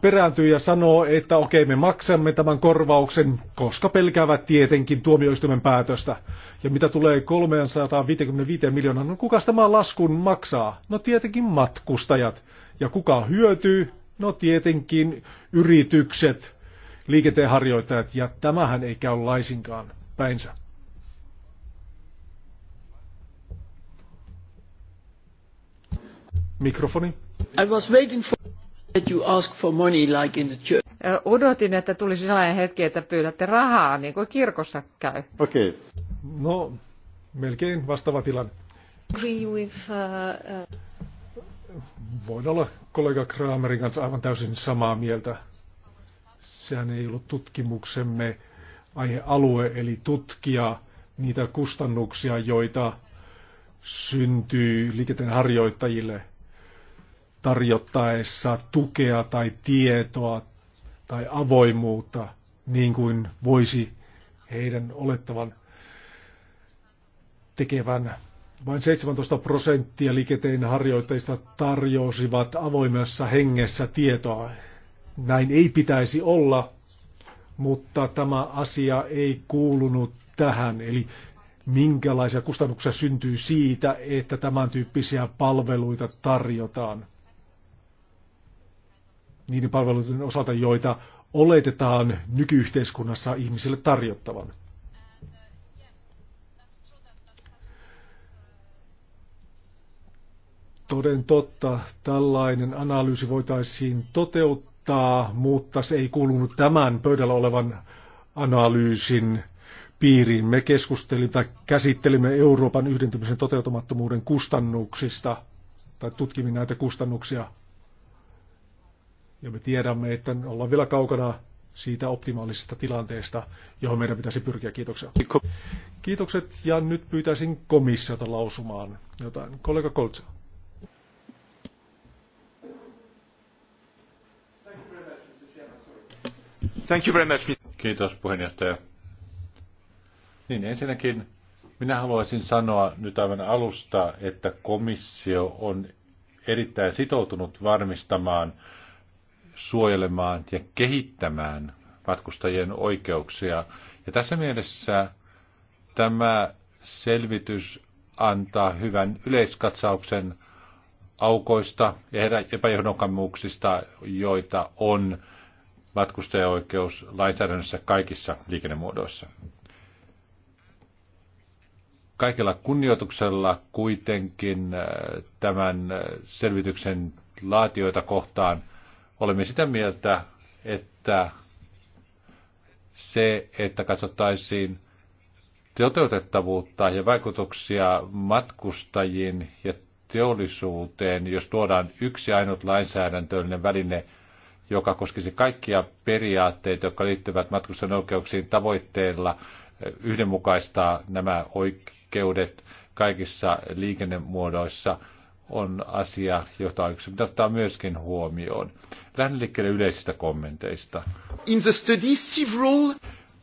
perääntyy ja sanoo, että okei me maksamme tämän korvauksen, koska pelkäävät tietenkin tuomioistuimen päätöstä. Ja mitä tulee 355 miljoonaa, no kuka tämän laskun maksaa? No tietenkin matkustajat. Ja kuka hyötyy? No tietenkin yritykset, liikenteenharjoittajat ja tämähän ei käy laisinkaan päinsä. I was waiting for that you ask for money like in the church. Odotin, että tulisi sellainen hetki, että pyydätte rahaa, niin kuin kirkossa käy. Okei. Okay. No, melkein vastaava tilanne. Agree with, uh, uh... Voin olla kollega Kramerin kanssa aivan täysin samaa mieltä. Sehän ei ollut tutkimuksemme aihealue, eli tutkia niitä kustannuksia, joita syntyy liikenteen harjoittajille – tarjottaessa tukea tai tietoa tai avoimuutta, niin kuin voisi heidän olettavan tekevän. Vain 17 prosenttia liikenteen harjoittajista tarjosivat avoimessa hengessä tietoa. Näin ei pitäisi olla, mutta tämä asia ei kuulunut tähän. Eli minkälaisia kustannuksia syntyy siitä, että tämän tyyppisiä palveluita tarjotaan niiden palveluiden osalta, joita oletetaan nykyyhteiskunnassa ihmisille tarjottavan. Toden totta, tällainen analyysi voitaisiin toteuttaa, mutta se ei kuulunut tämän pöydällä olevan analyysin piiriin. Me keskustelimme tai käsittelimme Euroopan yhdentymisen toteutumattomuuden kustannuksista tai tutkimme näitä kustannuksia ja me tiedämme, että ollaan vielä kaukana siitä optimaalisesta tilanteesta, johon meidän pitäisi pyrkiä. Kiitoksia. Kiitokset ja nyt pyytäisin komissiota lausumaan jotain. Kollega Koltsa. Thank you very much. Kiitos puheenjohtaja. Niin ensinnäkin minä haluaisin sanoa nyt aivan alusta, että komissio on erittäin sitoutunut varmistamaan suojelemaan ja kehittämään matkustajien oikeuksia. Ja tässä mielessä tämä selvitys antaa hyvän yleiskatsauksen aukoista ja epäjohdonkammuuksista, joita on matkustajaoikeus lainsäädännössä kaikissa liikennemuodoissa. Kaikella kunnioituksella kuitenkin äh, tämän äh, selvityksen laatioita kohtaan – Olemme sitä mieltä, että se, että katsottaisiin toteutettavuutta ja vaikutuksia matkustajiin ja teollisuuteen, jos tuodaan yksi ainut lainsäädäntöllinen väline, joka koskisi kaikkia periaatteita, jotka liittyvät matkustajan oikeuksiin tavoitteilla yhdenmukaistaa nämä oikeudet kaikissa liikennemuodoissa – on asia, jota yksi pitää ottaa myöskin huomioon. Lähden liikkeelle yleisistä kommenteista. In the study, several...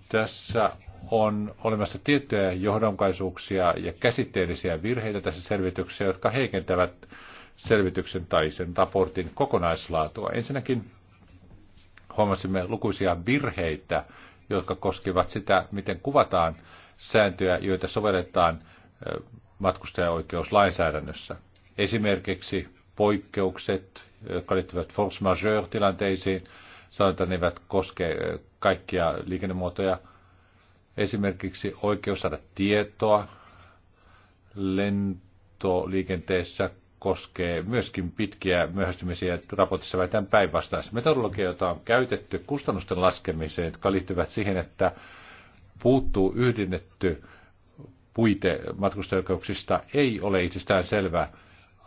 Tässä on olemassa tiettyjä johdonkaisuuksia ja käsitteellisiä virheitä tässä selvityksessä, jotka heikentävät selvityksen tai sen raportin kokonaislaatua. Ensinnäkin huomasimme lukuisia virheitä, jotka koskivat sitä, miten kuvataan sääntöjä, joita sovelletaan matkustajaoikeuslainsäädännössä. Esimerkiksi poikkeukset, jotka liittyvät force majeure-tilanteisiin, sanotaan, että ne eivät koske kaikkia liikennemuotoja. Esimerkiksi oikeus saada tietoa lentoliikenteessä koskee myöskin pitkiä myöhästymisiä. Raportissa väitän päinvastaista. Metodologia, jota on käytetty kustannusten laskemiseen, jotka liittyvät siihen, että puuttuu yhdennetty puite matkustajoikeuksista, ei ole itsestään selvää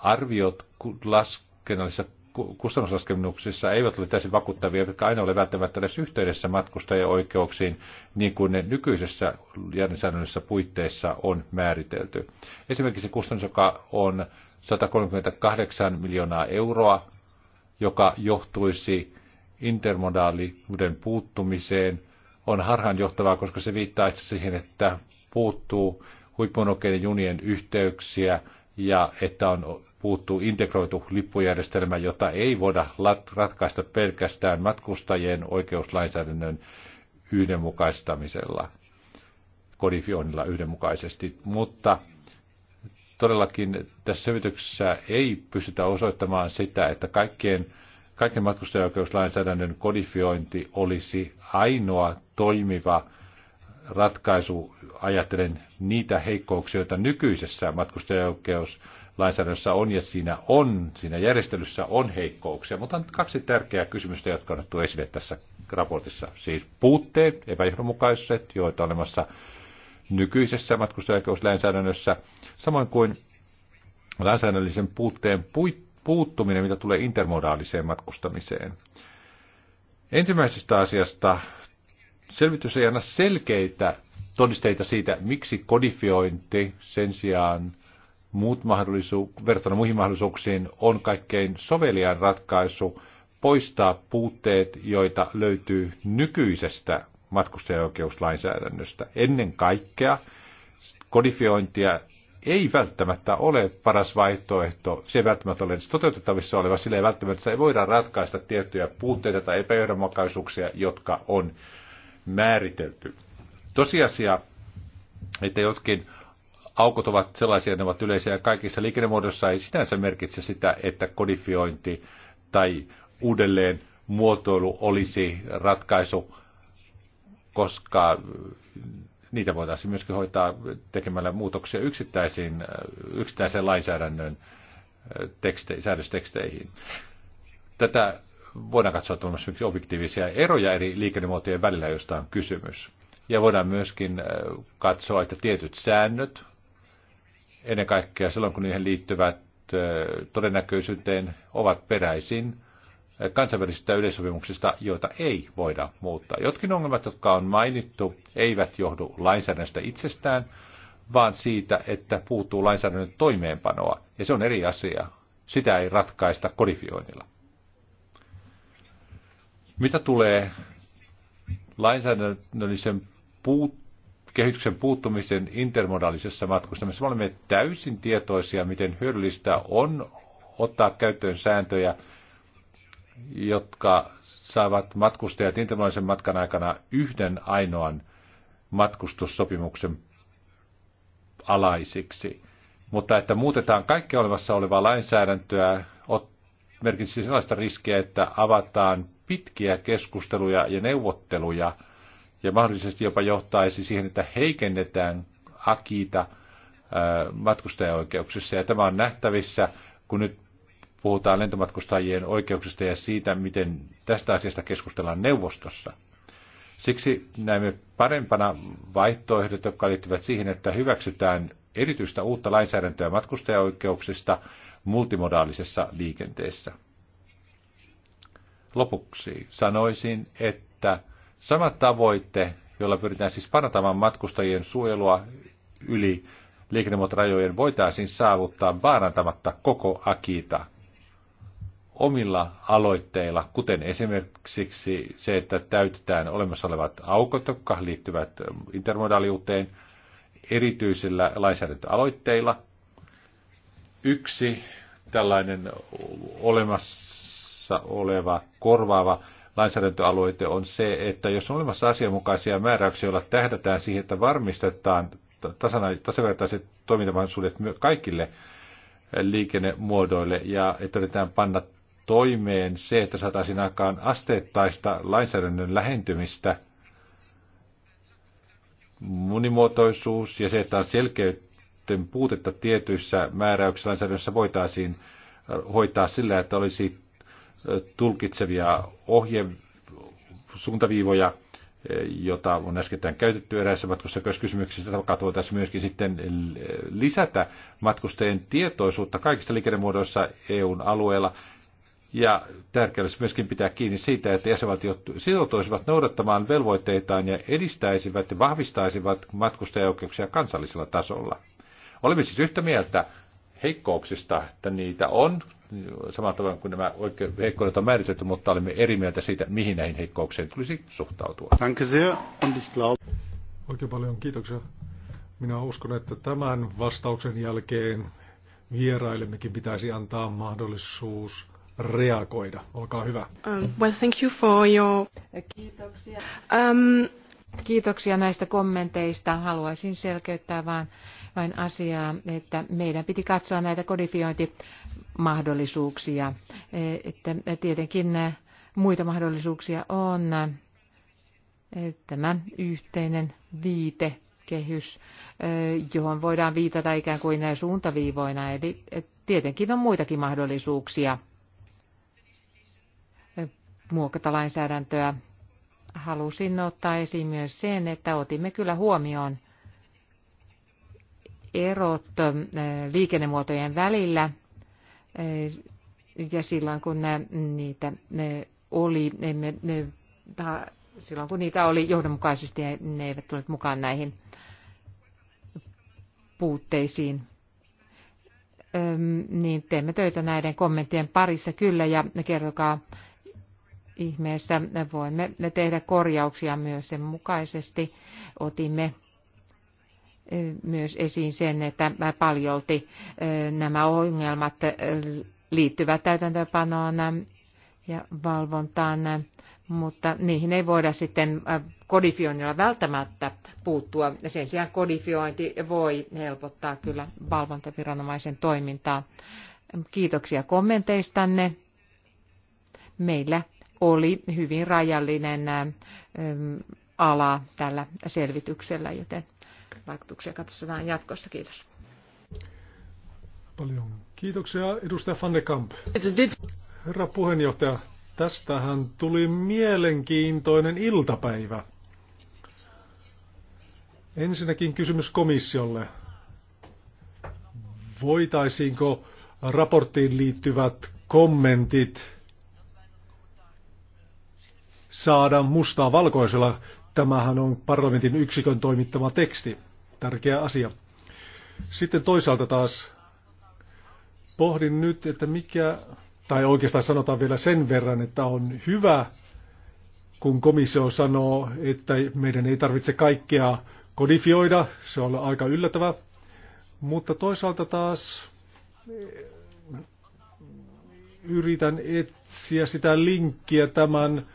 arviot laskennallisissa kustannuslaskennuksissa eivät ole täysin vakuuttavia, jotka aina ole välttämättä edes yhteydessä oikeuksiin, niin kuin ne nykyisessä järjestelmällisessä puitteissa on määritelty. Esimerkiksi kustannus, joka on 138 miljoonaa euroa, joka johtuisi intermodaaliuden puuttumiseen, on harhaanjohtavaa, koska se viittaa itse siihen, että puuttuu huippunokeiden junien yhteyksiä ja että on puuttuu integroitu lippujärjestelmä, jota ei voida ratkaista pelkästään matkustajien oikeuslainsäädännön yhdenmukaistamisella, kodifioinnilla yhdenmukaisesti. Mutta todellakin tässä selvityksessä ei pystytä osoittamaan sitä, että kaikkien, kaiken matkustajaoikeuslainsäädännön kodifiointi olisi ainoa toimiva ratkaisu, ajatellen niitä heikkouksia, joita nykyisessä matkustajaoikeuslainsäädännössä lainsäädännössä on ja siinä on, siinä järjestelyssä on heikkouksia, mutta on kaksi tärkeää kysymystä, jotka on otettu esille tässä raportissa. Siis puutteet, epäjohdonmukaiset, joita on olemassa nykyisessä matkustajakeuslainsäädännössä, samoin kuin lainsäädännöllisen puutteen puuttuminen, mitä tulee intermodaaliseen matkustamiseen. Ensimmäisestä asiasta selvitys ei anna selkeitä todisteita siitä, miksi kodifiointi sen sijaan muut mahdollisuudet, verrattuna muihin mahdollisuuksiin, on kaikkein soveliaan ratkaisu poistaa puutteet, joita löytyy nykyisestä matkustajaoikeuslainsäädännöstä. Ennen kaikkea kodifiointia ei välttämättä ole paras vaihtoehto. Se ei välttämättä ole edes toteutettavissa oleva, sillä ei välttämättä ei voida ratkaista tiettyjä puutteita tai epäjohdonmukaisuuksia, jotka on määritelty. Tosiasia, että jotkin aukot ovat sellaisia, ne ovat yleisiä kaikissa liikennemuodossa, ei sinänsä merkitse sitä, että kodifiointi tai uudelleen muotoilu olisi ratkaisu, koska niitä voitaisiin myöskin hoitaa tekemällä muutoksia yksittäisiin, yksittäiseen lainsäädännön äh, tekste, säädösteksteihin. Tätä voidaan katsoa tuollaisiksi objektiivisia eroja eri liikennemuotojen välillä, josta on kysymys. Ja voidaan myöskin äh, katsoa, että tietyt säännöt, ennen kaikkea silloin, kun niihin liittyvät todennäköisyyteen ovat peräisin kansainvälisistä yleissopimuksista, joita ei voida muuttaa. Jotkin ongelmat, jotka on mainittu, eivät johdu lainsäädännöstä itsestään, vaan siitä, että puuttuu lainsäädännön toimeenpanoa, ja se on eri asia. Sitä ei ratkaista kodifioinnilla. Mitä tulee lainsäädännöllisen puutteen, kehityksen puuttumisen intermodaalisessa matkustamisessa. Me olemme täysin tietoisia, miten hyödyllistä on ottaa käyttöön sääntöjä, jotka saavat matkustajat intermodaalisen matkan aikana yhden ainoan matkustussopimuksen alaisiksi. Mutta että muutetaan kaikki olemassa olevaa lainsäädäntöä, merkitsisi sellaista riskiä, että avataan pitkiä keskusteluja ja neuvotteluja – ja mahdollisesti jopa johtaisi siihen, että heikennetään akiita äh, matkustajaoikeuksissa. Ja tämä on nähtävissä, kun nyt puhutaan lentomatkustajien oikeuksista ja siitä, miten tästä asiasta keskustellaan neuvostossa. Siksi näemme parempana vaihtoehdot, jotka liittyvät siihen, että hyväksytään erityistä uutta lainsäädäntöä matkustajaoikeuksista multimodaalisessa liikenteessä. Lopuksi sanoisin, että Sama tavoite, jolla pyritään siis parantamaan matkustajien suojelua yli liikennemuotorajojen, voitaisiin saavuttaa vaarantamatta koko Akita omilla aloitteilla, kuten esimerkiksi se, että täytetään olemassa olevat aukot, jotka liittyvät intermodaaliuteen, erityisillä lainsäädäntöaloitteilla. Yksi tällainen olemassa oleva korvaava lainsäädäntöalueita on se, että jos on olemassa asianmukaisia määräyksiä, joilla tähdätään siihen, että varmistetaan tasavertaiset toimintamahdollisuudet kaikille liikennemuodoille ja että yritetään panna toimeen se, että saataisiin aikaan asteittaista lainsäädännön lähentymistä, monimuotoisuus ja se, että on selkeyden puutetta tietyissä määräyksissä lainsäädännössä voitaisiin hoitaa sillä, että olisi tulkitsevia ohje, suuntaviivoja, jota on äskettäin käytetty eräissä matkustajakoskysymyksissä. Tätä kautta voitaisiin myöskin sitten lisätä matkustajien tietoisuutta kaikista liikennemuodoissa EUn alueella. Ja tärkeää olisi myöskin pitää kiinni siitä, että jäsenvaltiot sitoutuisivat noudattamaan velvoitteitaan ja edistäisivät ja vahvistaisivat matkustajaoikeuksia kansallisella tasolla. Olemme siis yhtä mieltä heikkouksista, että niitä on, samalla tavalla kuin nämä oikein heikkoudet on määritelty, mutta olemme eri mieltä siitä, mihin näihin heikkouksiin tulisi suhtautua. Oikein paljon kiitoksia. Minä uskon, että tämän vastauksen jälkeen vierailemmekin pitäisi antaa mahdollisuus reagoida. Olkaa hyvä. Um, well, thank you for your... Kiitoksia. Um, kiitoksia näistä kommenteista. Haluaisin selkeyttää vain, vain asiaa, että meidän piti katsoa näitä kodifiointimahdollisuuksia. Että tietenkin muita mahdollisuuksia on tämä yhteinen viite kehys, johon voidaan viitata ikään kuin näin suuntaviivoina. Eli tietenkin on muitakin mahdollisuuksia muokata lainsäädäntöä. Halusin ottaa esiin myös sen, että otimme kyllä huomioon erot liikennemuotojen välillä ja silloin kun niitä oli, emme, ne, silloin kun niitä oli johdonmukaisesti, ne eivät tule mukaan näihin puutteisiin. Niin teemme töitä näiden kommenttien parissa kyllä ja kertokaa ihmeessä voimme tehdä korjauksia myös sen mukaisesti. Otimme myös esiin sen, että paljolti nämä ongelmat liittyvät täytäntöönpanoon ja valvontaan, mutta niihin ei voida sitten kodifioinnilla välttämättä puuttua. Sen sijaan kodifiointi voi helpottaa kyllä valvontaviranomaisen toimintaa. Kiitoksia kommenteistanne. Meillä oli hyvin rajallinen ala tällä selvityksellä, joten vaikutuksia katsotaan jatkossa. Kiitos. Paljon kiitoksia edustaja Fanne Kamp. Herra puheenjohtaja, tästähän tuli mielenkiintoinen iltapäivä. Ensinnäkin kysymys komissiolle. Voitaisiinko raporttiin liittyvät kommentit saada mustaa valkoisella? Tämähän on parlamentin yksikön toimittama teksti tärkeä asia. Sitten toisaalta taas pohdin nyt, että mikä, tai oikeastaan sanotaan vielä sen verran, että on hyvä, kun komissio sanoo, että meidän ei tarvitse kaikkea kodifioida, se on aika yllättävä, mutta toisaalta taas yritän etsiä sitä linkkiä tämän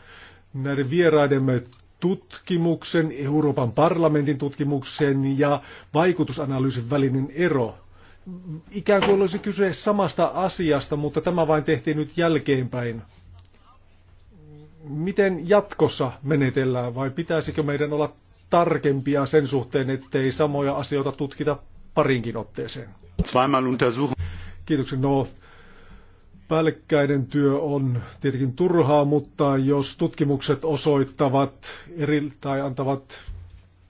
näiden vieraidemme tutkimuksen, Euroopan parlamentin tutkimuksen ja vaikutusanalyysin välinen ero. Ikään kuin olisi kyse samasta asiasta, mutta tämä vain tehtiin nyt jälkeenpäin. Miten jatkossa menetellään vai pitäisikö meidän olla tarkempia sen suhteen, ettei samoja asioita tutkita parinkin otteeseen? Kiitoksia. No, Päällekkäinen työ on tietenkin turhaa, mutta jos tutkimukset osoittavat eri, tai antavat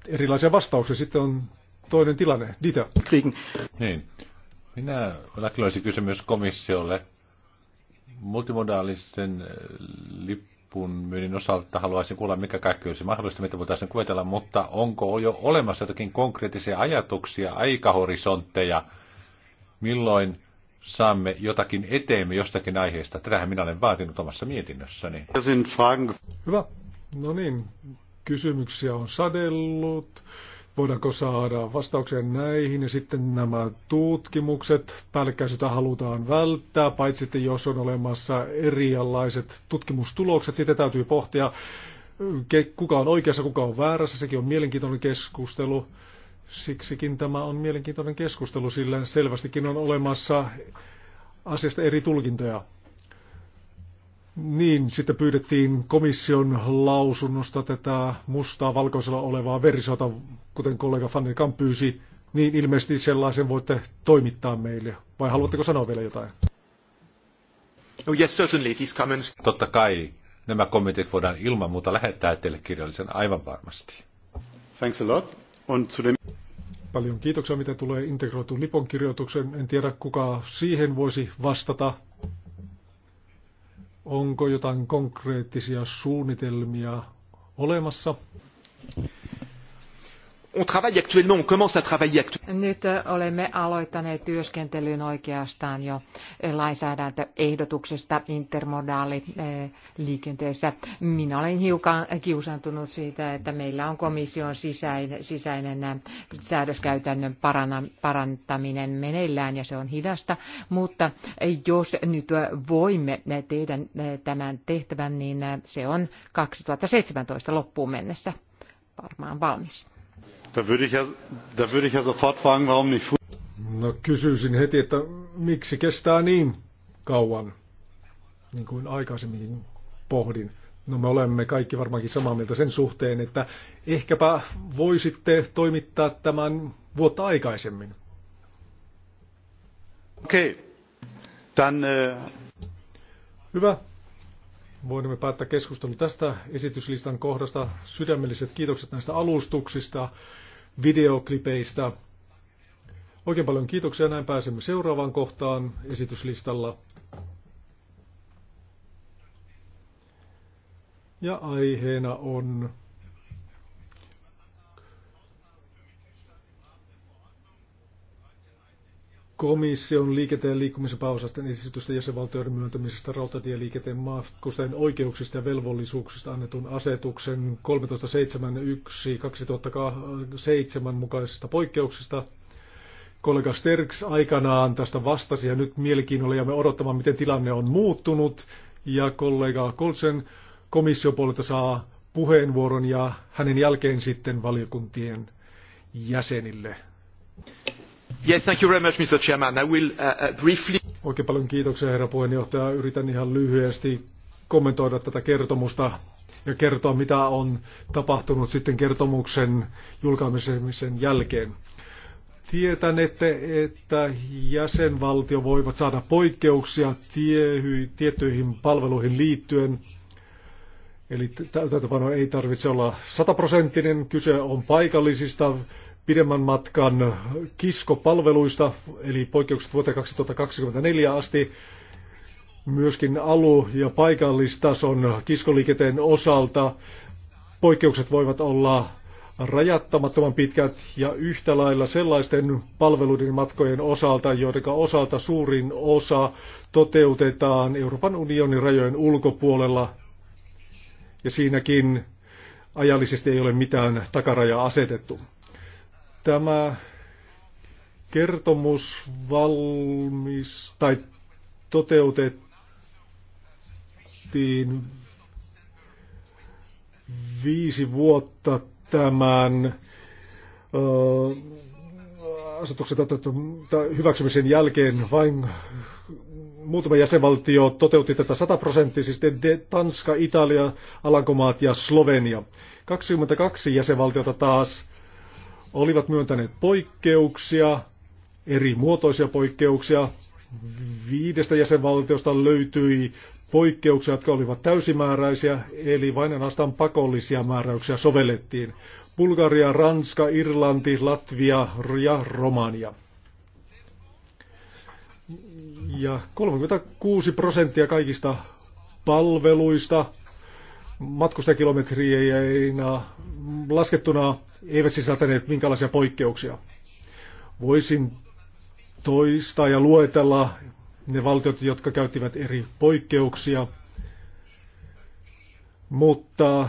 erilaisia vastauksia, sitten on toinen tilanne. Dita. Kriegen. Niin. Minä läkilöisin kysymys komissiolle. Multimodaalisten äh, lippun myynnin osalta haluaisin kuulla, mikä kaikki olisi mahdollista, mitä voitaisiin kuvitella, mutta onko jo olemassa jotakin konkreettisia ajatuksia, aikahorisontteja, milloin saamme jotakin eteemme jostakin aiheesta. Tätähän minä olen vaatinut omassa mietinnössäni. Hyvä. No niin, kysymyksiä on sadellut. Voidaanko saada vastauksia näihin ja sitten nämä tutkimukset, päällekkäisyyttä halutaan välttää, paitsi että jos on olemassa erilaiset tutkimustulokset, sitä täytyy pohtia, kuka on oikeassa, kuka on väärässä, sekin on mielenkiintoinen keskustelu. Siksikin tämä on mielenkiintoinen keskustelu, sillä selvästikin on olemassa asiasta eri tulkintoja. Niin, sitten pyydettiin komission lausunnosta tätä mustaa valkoisella olevaa versiota, kuten kollega Fanny Kamp pyysi, niin ilmeisesti sellaisen voitte toimittaa meille. Vai haluatteko sanoa vielä jotain? Oh yes, certainly, these comments. Totta kai nämä kommentit voidaan ilman muuta lähettää teille kirjallisen aivan varmasti. Thanks a lot. On to the... Paljon kiitoksia, mitä tulee integroituun liponkirjoitukseen. En tiedä, kuka siihen voisi vastata. Onko jotain konkreettisia suunnitelmia olemassa? on travaille actuellement, on commence à travailler actuellement. Nyt olemme aloittaneet työskentelyn oikeastaan jo lainsäädäntöehdotuksesta intermodaali liikenteessä. Minä olen hiukan kiusantunut siitä, että meillä on komission sisäinen, sisäinen säädöskäytännön parantaminen meneillään ja se on hidasta, mutta jos nyt voimme tehdä tämän tehtävän, niin se on 2017 loppuun mennessä varmaan valmis. Da würde ich ja, sofort fragen, warum nicht No kysyisin heti, että miksi kestää niin kauan, niin kuin aikaisemmin pohdin. No me olemme kaikki varmaankin samaa mieltä sen suhteen, että ehkäpä voisitte toimittaa tämän vuotta aikaisemmin. Okei. Okay. Tän, Hyvä voimme päättää keskustelun tästä esityslistan kohdasta. Sydämelliset kiitokset näistä alustuksista, videoklipeistä. Oikein paljon kiitoksia. Näin pääsemme seuraavaan kohtaan esityslistalla. Ja aiheena on komission liikenteen liikkumisen pausasten esitystä jäsenvaltioiden myöntämisestä rautatieliikenteen matkustajien oikeuksista ja velvollisuuksista annetun asetuksen 1371-2007 mukaisista poikkeuksista. Kollega Sterks aikanaan tästä vastasi ja nyt mielenkiinnolla jäämme odottamaan, miten tilanne on muuttunut. Ja kollega Kolsen komission puolelta saa puheenvuoron ja hänen jälkeen sitten valiokuntien jäsenille. Yes, thank you very much, Mr. Chairman. I will, uh, uh, briefly... Oikein paljon kiitoksia, herra puheenjohtaja. Yritän ihan lyhyesti kommentoida tätä kertomusta ja kertoa, mitä on tapahtunut sitten kertomuksen julkaisemisen jälkeen. Tietän, että, että jäsenvaltio voivat saada poikkeuksia tiehy, tiettyihin palveluihin liittyen. Eli täytäntöpano ei tarvitse olla sataprosenttinen, kyse on paikallisista pidemmän matkan kiskopalveluista, eli poikkeukset vuoteen 2024 asti, myöskin alu- ja paikallistason kiskoliikenteen osalta. Poikkeukset voivat olla rajattamattoman pitkät ja yhtä lailla sellaisten palveluiden matkojen osalta, joiden osalta suurin osa toteutetaan Euroopan unionin rajojen ulkopuolella. Ja siinäkin ajallisesti ei ole mitään takarajaa asetettu. Tämä kertomus valmis tai toteutettiin viisi vuotta tämän asetuksen hyväksymisen jälkeen vain muutama jäsenvaltio toteutti tätä sataprosenttisesti, Tanska, Italia, Alankomaat ja Slovenia. 22 jäsenvaltiota taas olivat myöntäneet poikkeuksia, eri muotoisia poikkeuksia. Viidestä jäsenvaltiosta löytyi poikkeuksia, jotka olivat täysimääräisiä, eli vain ainoastaan pakollisia määräyksiä sovellettiin. Bulgaria, Ranska, Irlanti, Latvia ja Romania. Ja 36 prosenttia kaikista palveluista matkustajakilometrieina laskettuna eivät sisältäneet minkälaisia poikkeuksia. Voisin toistaa ja luetella ne valtiot, jotka käyttivät eri poikkeuksia, mutta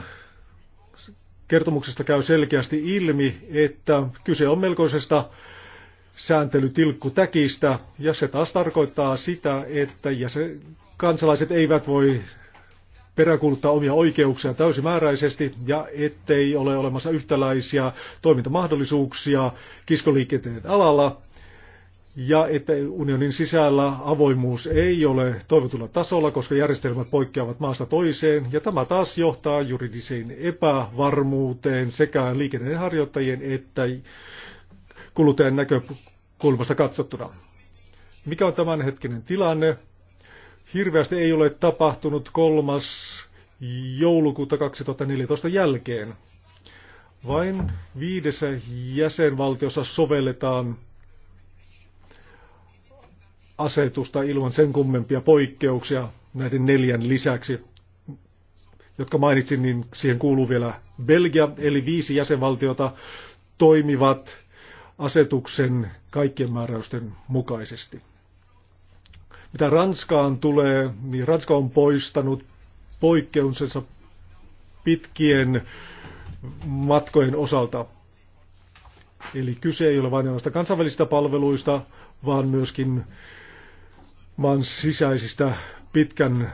kertomuksesta käy selkeästi ilmi, että kyse on melkoisesta sääntelytilkkutäkistä, ja se taas tarkoittaa sitä, että jäsen, kansalaiset eivät voi peräkuluttaa omia oikeuksia täysimääräisesti ja ettei ole olemassa yhtäläisiä toimintamahdollisuuksia kiskoliikenteen alalla ja että unionin sisällä avoimuus ei ole toivotulla tasolla, koska järjestelmät poikkeavat maasta toiseen, ja tämä taas johtaa juridiseen epävarmuuteen sekä liikenneharjoittajien että kuluttajan näkökulmasta katsottuna. Mikä on tämänhetkinen tilanne? hirveästi ei ole tapahtunut kolmas joulukuuta 2014 jälkeen. Vain viidessä jäsenvaltiossa sovelletaan asetusta ilman sen kummempia poikkeuksia näiden neljän lisäksi, jotka mainitsin, niin siihen kuuluu vielä Belgia, eli viisi jäsenvaltiota toimivat asetuksen kaikkien määräysten mukaisesti. Mitä Ranskaan tulee, niin Ranska on poistanut poikkeuksensa pitkien matkojen osalta. Eli kyse ei ole vain ainoastaan kansainvälisistä palveluista, vaan myöskin maan sisäisistä pitkän,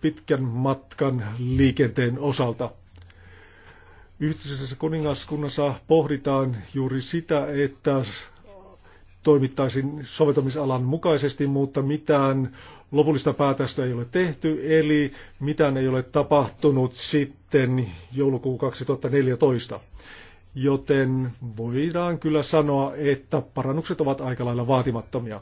pitkän matkan liikenteen osalta. Yhdisessä kuningaskunnassa pohditaan juuri sitä, että toimittaisiin soveltamisalan mukaisesti, mutta mitään lopullista päätöstä ei ole tehty, eli mitään ei ole tapahtunut sitten joulukuun 2014. Joten voidaan kyllä sanoa, että parannukset ovat aika lailla vaatimattomia.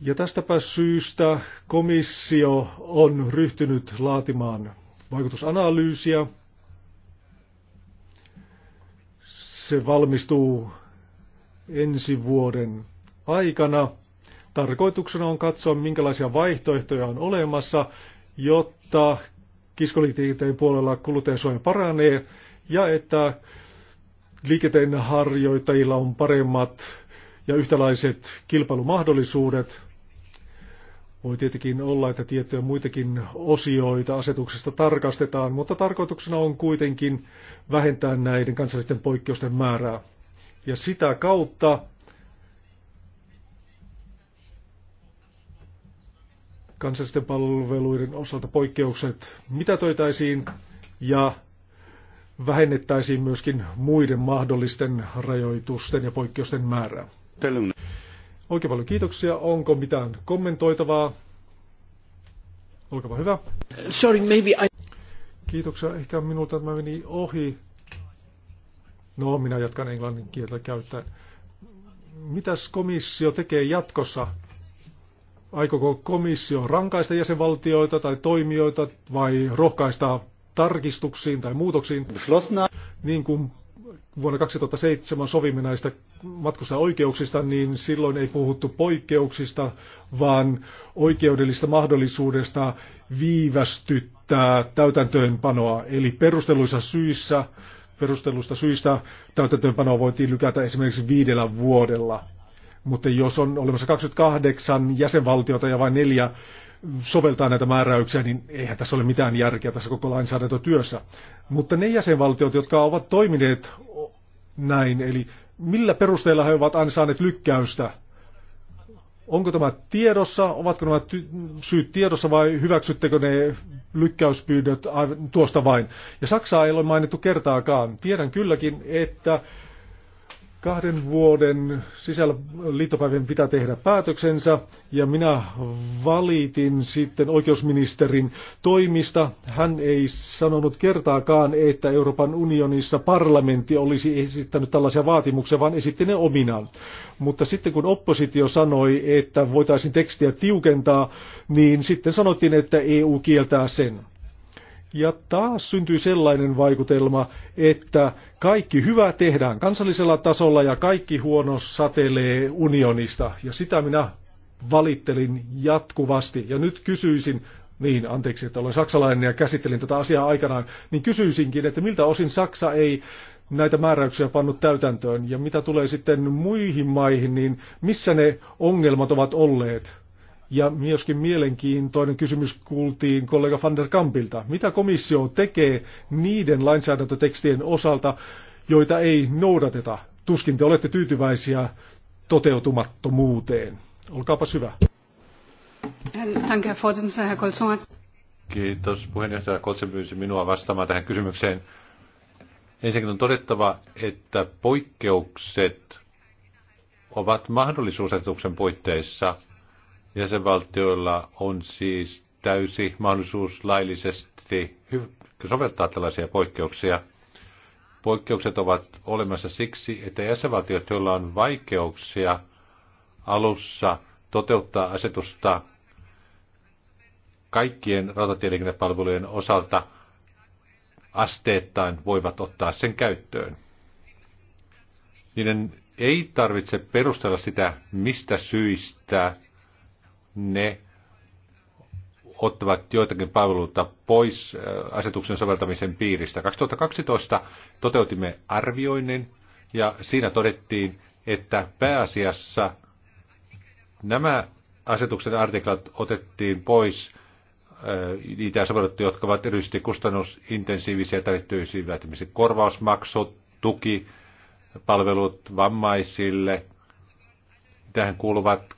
Ja tästäpä syystä komissio on ryhtynyt laatimaan vaikutusanalyysiä. Se valmistuu ensi vuoden aikana. Tarkoituksena on katsoa, minkälaisia vaihtoehtoja on olemassa, jotta kiskoliikenteen puolella kuluttajansuoja paranee ja että liikenteen harjoittajilla on paremmat ja yhtäläiset kilpailumahdollisuudet. Voi tietenkin olla, että tiettyjä muitakin osioita asetuksesta tarkastetaan, mutta tarkoituksena on kuitenkin vähentää näiden kansallisten poikkeusten määrää. Ja sitä kautta kansallisten palveluiden osalta poikkeukset mitätöitäisiin ja vähennettäisiin myöskin muiden mahdollisten rajoitusten ja poikkeusten määrää. Oikein paljon kiitoksia. Onko mitään kommentoitavaa? Olkaa hyvä. Sorry, maybe I... Kiitoksia. Ehkä minulta tämä meni ohi. No, minä jatkan englannin kieltä käyttäen. Mitäs komissio tekee jatkossa? Aikooko komissio rankaista jäsenvaltioita tai toimijoita vai rohkaista tarkistuksiin tai muutoksiin? Niin kuin vuonna 2007 sovimme näistä matkustajaoikeuksista, niin silloin ei puhuttu poikkeuksista, vaan oikeudellista mahdollisuudesta viivästyttää täytäntöönpanoa. Eli perusteluissa syissä perustellusta syistä täytäntöönpanoa voitiin lykätä esimerkiksi viidellä vuodella. Mutta jos on olemassa 28 jäsenvaltiota ja vain neljä soveltaa näitä määräyksiä, niin eihän tässä ole mitään järkeä tässä koko lainsäädäntötyössä. Mutta ne jäsenvaltiot, jotka ovat toimineet näin, eli millä perusteella he ovat aina saaneet lykkäystä Onko tämä tiedossa, ovatko nämä syyt tiedossa vai hyväksyttekö ne lykkäyspyynnöt tuosta vain? Ja Saksaa ei ole mainittu kertaakaan. Tiedän kylläkin, että kahden vuoden sisällä liittopäivien pitää tehdä päätöksensä ja minä valitin sitten oikeusministerin toimista. Hän ei sanonut kertaakaan, että Euroopan unionissa parlamentti olisi esittänyt tällaisia vaatimuksia, vaan esitti ne ominaan. Mutta sitten kun oppositio sanoi, että voitaisiin tekstiä tiukentaa, niin sitten sanottiin, että EU kieltää sen. Ja taas syntyy sellainen vaikutelma, että kaikki hyvä tehdään kansallisella tasolla ja kaikki huono satelee unionista. Ja sitä minä valittelin jatkuvasti. Ja nyt kysyisin, niin anteeksi, että olen saksalainen ja käsittelin tätä asiaa aikanaan, niin kysyisinkin, että miltä osin Saksa ei näitä määräyksiä pannut täytäntöön ja mitä tulee sitten muihin maihin, niin missä ne ongelmat ovat olleet? Ja myöskin mielenkiintoinen kysymys kuultiin kollega van der Kampilta. Mitä komissio tekee niiden lainsäädäntötekstien osalta, joita ei noudateta? Tuskin te olette tyytyväisiä toteutumattomuuteen. Olkaapa hyvä. Kiitos. Puheenjohtaja Koltsen pyysi minua vastaamaan tähän kysymykseen. Ensinnäkin on todettava, että poikkeukset ovat mahdollisuusasetuksen puitteissa – Jäsenvaltioilla on siis täysi mahdollisuus laillisesti soveltaa tällaisia poikkeuksia. Poikkeukset ovat olemassa siksi, että jäsenvaltiot, joilla on vaikeuksia alussa toteuttaa asetusta kaikkien rautatieliikennepalvelujen osalta, asteittain voivat ottaa sen käyttöön. Niiden ei tarvitse perustella sitä, mistä syistä ne ottavat joitakin palveluita pois äh, asetuksen soveltamisen piiristä. 2012 toteutimme arvioinnin ja siinä todettiin, että pääasiassa nämä asetuksen artiklat otettiin pois äh, niitä sovellettu, jotka ovat erityisesti kustannusintensiivisiä tai liittyisivät korvausmaksut, tuki, palvelut vammaisille. Tähän kuuluvat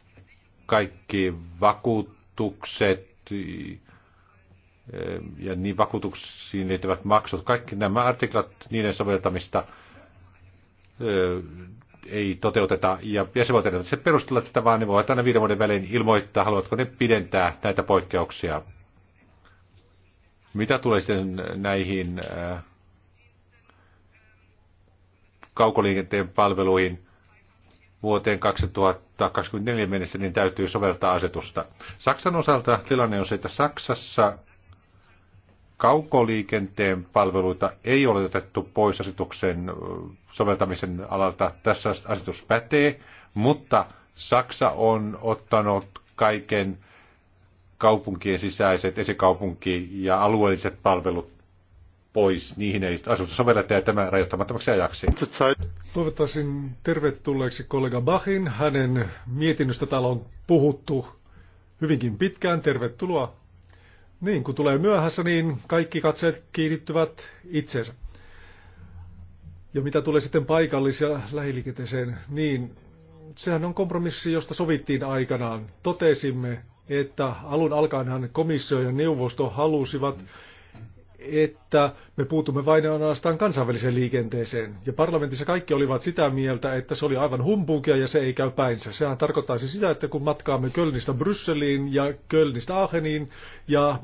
kaikki vakuutukset eh, ja niin vakuutuksiin liittyvät maksut, kaikki nämä artiklat, niiden soveltamista eh, ei toteuteta. Ja jäsenvaltiot se perustella tätä, vaan ne voivat aina viiden vuoden välein ilmoittaa, haluatko ne pidentää näitä poikkeuksia. Mitä tulee sitten näihin eh, kaukoliikenteen palveluihin, vuoteen 2024 mennessä, niin täytyy soveltaa asetusta. Saksan osalta tilanne on se, että Saksassa kaukoliikenteen palveluita ei ole otettu pois asetuksen soveltamisen alalta. Tässä asetus pätee, mutta Saksa on ottanut kaiken kaupunkien sisäiset, esikaupunki- ja alueelliset palvelut pois, niihin ei asusta sovelleta ja tämä rajoittamattomaksi ajaksi. Toivottaisin tervetulleeksi kollega Bachin. Hänen mietinnöstä täällä on puhuttu hyvinkin pitkään. Tervetuloa. Niin, kun tulee myöhässä, niin kaikki katseet kiinnittyvät itseensä. Ja mitä tulee sitten paikallis- ja lähiliikenteeseen, niin sehän on kompromissi, josta sovittiin aikanaan. Totesimme, että alun alkaenhan komissio ja neuvosto halusivat mm että me puutumme vain ainoastaan kansainväliseen liikenteeseen. Ja parlamentissa kaikki olivat sitä mieltä, että se oli aivan humpuukia ja se ei käy päinsä. Sehän tarkoittaisi sitä, että kun matkaamme Kölnistä Brysseliin ja Kölnistä Aacheniin ja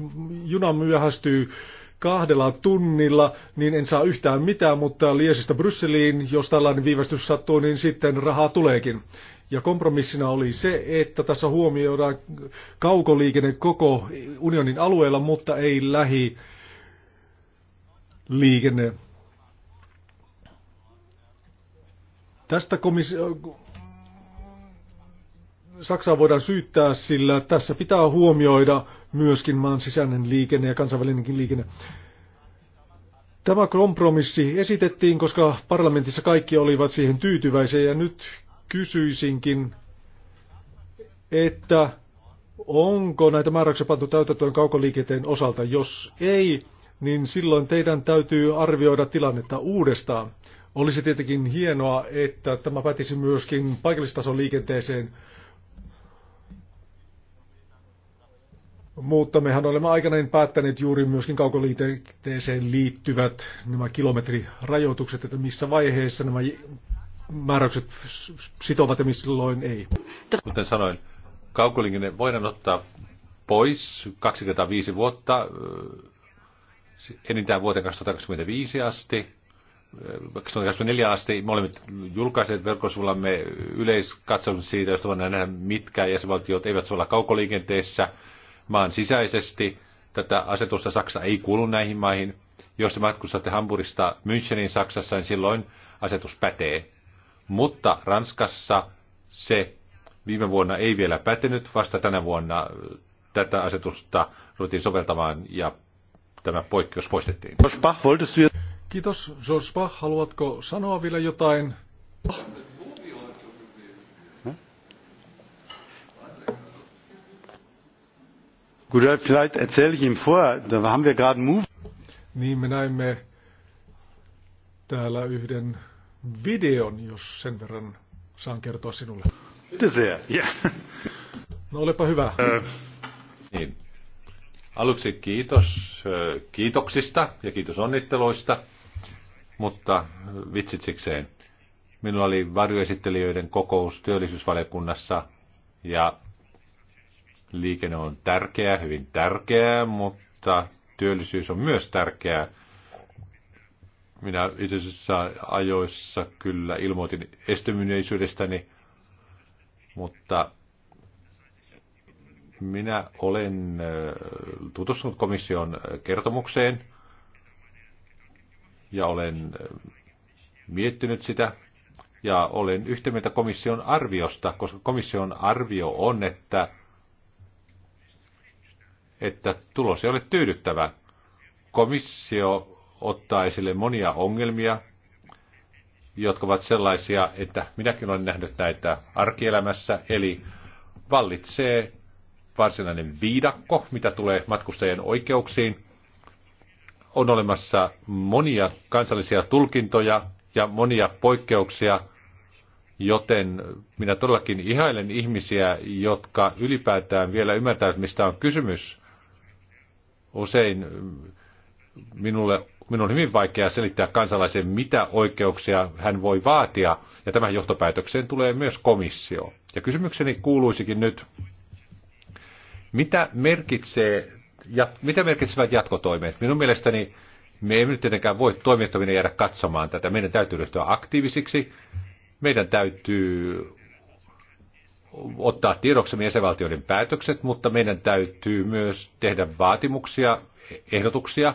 juna myöhästyy kahdella tunnilla, niin en saa yhtään mitään, mutta Liesistä Brysseliin, jos tällainen viivästys sattuu, niin sitten rahaa tuleekin. Ja kompromissina oli se, että tässä huomioidaan kaukoliikenne koko unionin alueella, mutta ei lähi liikenne. Tästä komissio... Saksaa voidaan syyttää, sillä tässä pitää huomioida myöskin maan sisäinen liikenne ja kansainvälinenkin liikenne. Tämä kompromissi esitettiin, koska parlamentissa kaikki olivat siihen tyytyväisiä ja nyt kysyisinkin, että onko näitä määräyksiä pantu täytäntöön kaukoliikenteen osalta. Jos ei, niin silloin teidän täytyy arvioida tilannetta uudestaan. Olisi tietenkin hienoa, että tämä pätisi myöskin paikallistason liikenteeseen, mutta mehän olemme aikanaan päättäneet juuri myöskin kaukoliikenteeseen liittyvät nämä kilometrirajoitukset, että missä vaiheessa nämä määräykset sitovat ja missä silloin ei. Kuten sanoin, kaukoliikenne voidaan ottaa pois 25 vuotta enintään vuoteen 2025 asti. 2024 äh, asti molemmat julkaiset julkaiseet verkkosivullamme yleiskatsauksen siitä, josta voidaan nähdä, mitkä jäsenvaltiot eivät olla kaukoliikenteessä maan sisäisesti. Tätä asetusta Saksa ei kuulu näihin maihin. Jos te matkustatte Hamburgista Münchenin Saksassa, niin silloin asetus pätee. Mutta Ranskassa se viime vuonna ei vielä pätenyt, vasta tänä vuonna äh, tätä asetusta ruvettiin soveltamaan ja tämä poikkeus poistettiin. Kiitos. George Bach, haluatko sanoa vielä jotain? Gut, vielleicht erzähle ich ihm vorher, da haben wir gerade Move. Niin me näimme täällä yhden videon, jos sen verran saan kertoa sinulle. Bitte sehr. Yeah. No olepa hyvä. Äh. Niin, Aluksi kiitos kiitoksista ja kiitos onnitteluista, mutta vitsitsikseen Minulla oli varjoesittelijöiden kokous työllisyysvaliokunnassa ja liikenne on tärkeää, hyvin tärkeää, mutta työllisyys on myös tärkeää. Minä itse asiassa ajoissa kyllä ilmoitin estymyneisyydestäni, mutta minä olen tutustunut komission kertomukseen ja olen miettinyt sitä ja olen yhtä mieltä komission arviosta, koska komission arvio on, että, että tulos ei ole tyydyttävä. Komissio ottaa esille monia ongelmia, jotka ovat sellaisia, että minäkin olen nähnyt näitä arkielämässä, eli vallitsee varsinainen viidakko, mitä tulee matkustajien oikeuksiin. On olemassa monia kansallisia tulkintoja ja monia poikkeuksia, joten minä todellakin ihailen ihmisiä, jotka ylipäätään vielä ymmärtävät, mistä on kysymys. Usein minulle minun on hyvin vaikea selittää kansalaisen, mitä oikeuksia hän voi vaatia, ja tämän johtopäätökseen tulee myös komissio. Ja kysymykseni kuuluisikin nyt, mitä, merkitsee, ja, mitä merkitsevät jatkotoimet? Minun mielestäni me emme nyt tietenkään voi toimittaminen jäädä katsomaan tätä. Meidän täytyy ryhtyä aktiivisiksi. Meidän täytyy ottaa tiedoksemme jäsenvaltioiden päätökset, mutta meidän täytyy myös tehdä vaatimuksia, ehdotuksia,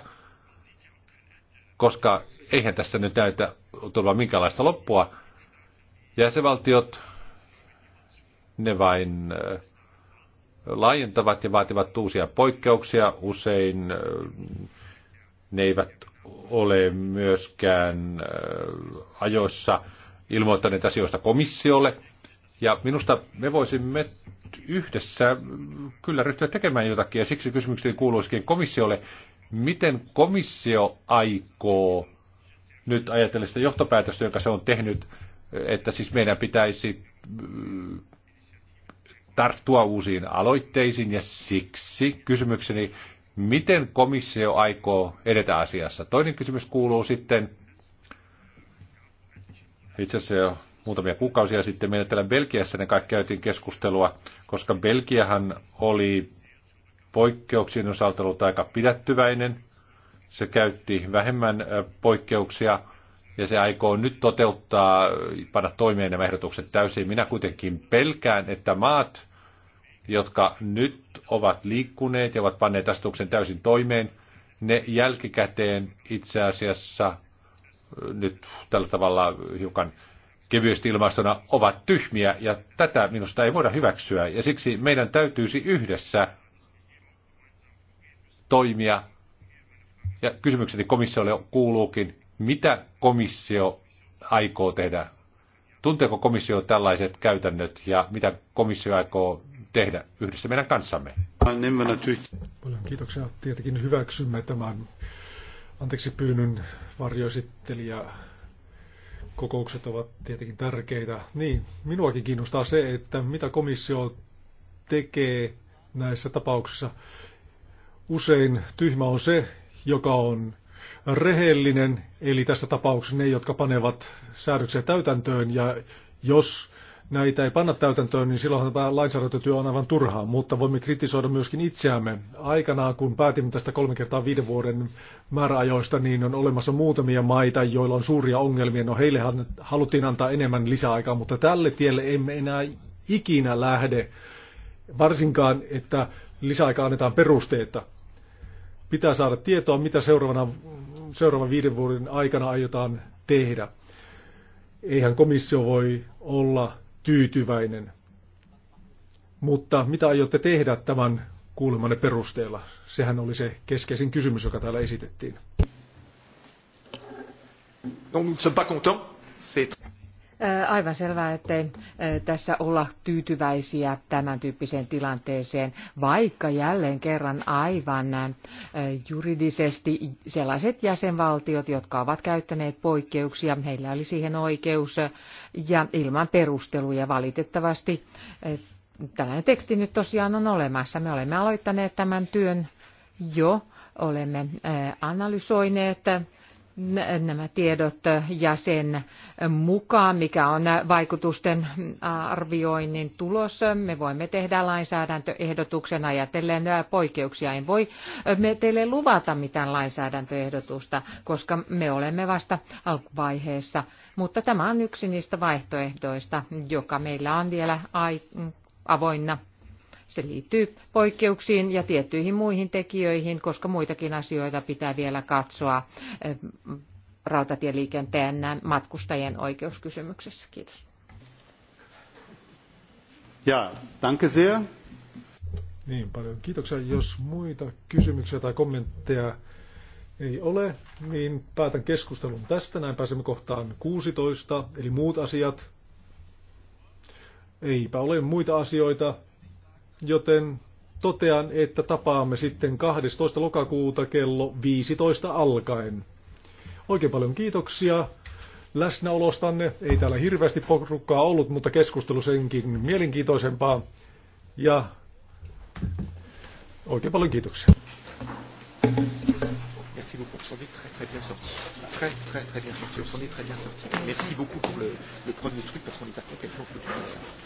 koska eihän tässä nyt näytä tulla minkäänlaista loppua. Jäsenvaltiot, ne vain äh, laajentavat ja vaativat uusia poikkeuksia. Usein ne eivät ole myöskään ajoissa ilmoittaneet asioista komissiolle. Ja minusta me voisimme yhdessä kyllä ryhtyä tekemään jotakin, ja siksi kysymykseni kuuluisikin komissiolle, miten komissio aikoo nyt ajatella sitä johtopäätöstä, jonka se on tehnyt, että siis meidän pitäisi tarttua uusiin aloitteisiin ja siksi kysymykseni, miten komissio aikoo edetä asiassa. Toinen kysymys kuuluu sitten, itse asiassa jo muutamia kuukausia sitten meillä täällä Belgiassa ne kaikki käytiin keskustelua, koska Belgiahan oli poikkeuksien osalta ollut aika pidättyväinen. Se käytti vähemmän poikkeuksia – ja se aikoo nyt toteuttaa, panna toimeen nämä ehdotukset täysin. Minä kuitenkin pelkään, että maat, jotka nyt ovat liikkuneet ja ovat panneet asetuksen täysin toimeen, ne jälkikäteen itse asiassa nyt tällä tavalla hiukan kevyesti ilmaistuna ovat tyhmiä ja tätä minusta ei voida hyväksyä ja siksi meidän täytyisi yhdessä toimia. Ja kysymykseni komissiolle kuuluukin, mitä komissio aikoo tehdä? Tunteeko komissio tällaiset käytännöt ja mitä komissio aikoo tehdä yhdessä meidän kanssamme? Paljon kiitoksia. Tietenkin hyväksymme tämän anteeksi pyynnön varjoesittelijä. Kokoukset ovat tietenkin tärkeitä. Niin, minuakin kiinnostaa se, että mitä komissio tekee näissä tapauksissa. Usein tyhmä on se, joka on rehellinen, eli tässä tapauksessa ne, jotka panevat säädöksiä täytäntöön, ja jos näitä ei panna täytäntöön, niin silloinhan tämä lainsäädäntötyö on aivan turhaa, mutta voimme kritisoida myöskin itseämme. Aikanaan, kun päätimme tästä kolme kertaa viiden vuoden määräajoista, niin on olemassa muutamia maita, joilla on suuria ongelmia. No heille haluttiin antaa enemmän lisäaikaa, mutta tälle tielle emme enää ikinä lähde, varsinkaan, että lisäaikaa annetaan perusteetta. Pitää saada tietoa, mitä seuraavana, seuraavan viiden vuoden aikana aiotaan tehdä. Eihän komissio voi olla tyytyväinen. Mutta mitä aiotte tehdä tämän kuulemanne perusteella? Sehän oli se keskeisin kysymys, joka täällä esitettiin. Non, nous ne sommes pas contents. Aivan selvää, ettei tässä olla tyytyväisiä tämän tyyppiseen tilanteeseen, vaikka jälleen kerran aivan juridisesti sellaiset jäsenvaltiot, jotka ovat käyttäneet poikkeuksia, heillä oli siihen oikeus ja ilman perusteluja valitettavasti. Tällainen teksti nyt tosiaan on olemassa. Me olemme aloittaneet tämän työn jo, olemme analysoineet nämä tiedot ja sen mukaan, mikä on vaikutusten arvioinnin tulos. Me voimme tehdä lainsäädäntöehdotuksen ajatellen poikkeuksia. En voi me teille luvata mitään lainsäädäntöehdotusta, koska me olemme vasta alkuvaiheessa. Mutta tämä on yksi niistä vaihtoehdoista, joka meillä on vielä avoinna se liittyy poikkeuksiin ja tiettyihin muihin tekijöihin, koska muitakin asioita pitää vielä katsoa eh, rautatieliikenteen matkustajien oikeuskysymyksessä. Kiitos. Ja, danke sehr. Niin, paljon kiitoksia. Jos muita kysymyksiä tai kommentteja ei ole, niin päätän keskustelun tästä. Näin pääsemme kohtaan 16, eli muut asiat. Eipä ole muita asioita joten totean, että tapaamme sitten 12. lokakuuta kello 15 alkaen. Oikein paljon kiitoksia läsnäolostanne. Ei täällä hirveästi porukkaa ollut, mutta keskustelu senkin mielenkiintoisempaa. Ja oikein paljon kiitoksia. Merci beaucoup. On s'en est très très bien sorti. Très très très bien sorti. On s'en est très bien sorti. Merci beaucoup pour le, le premier truc parce qu'on les a complètement foutus.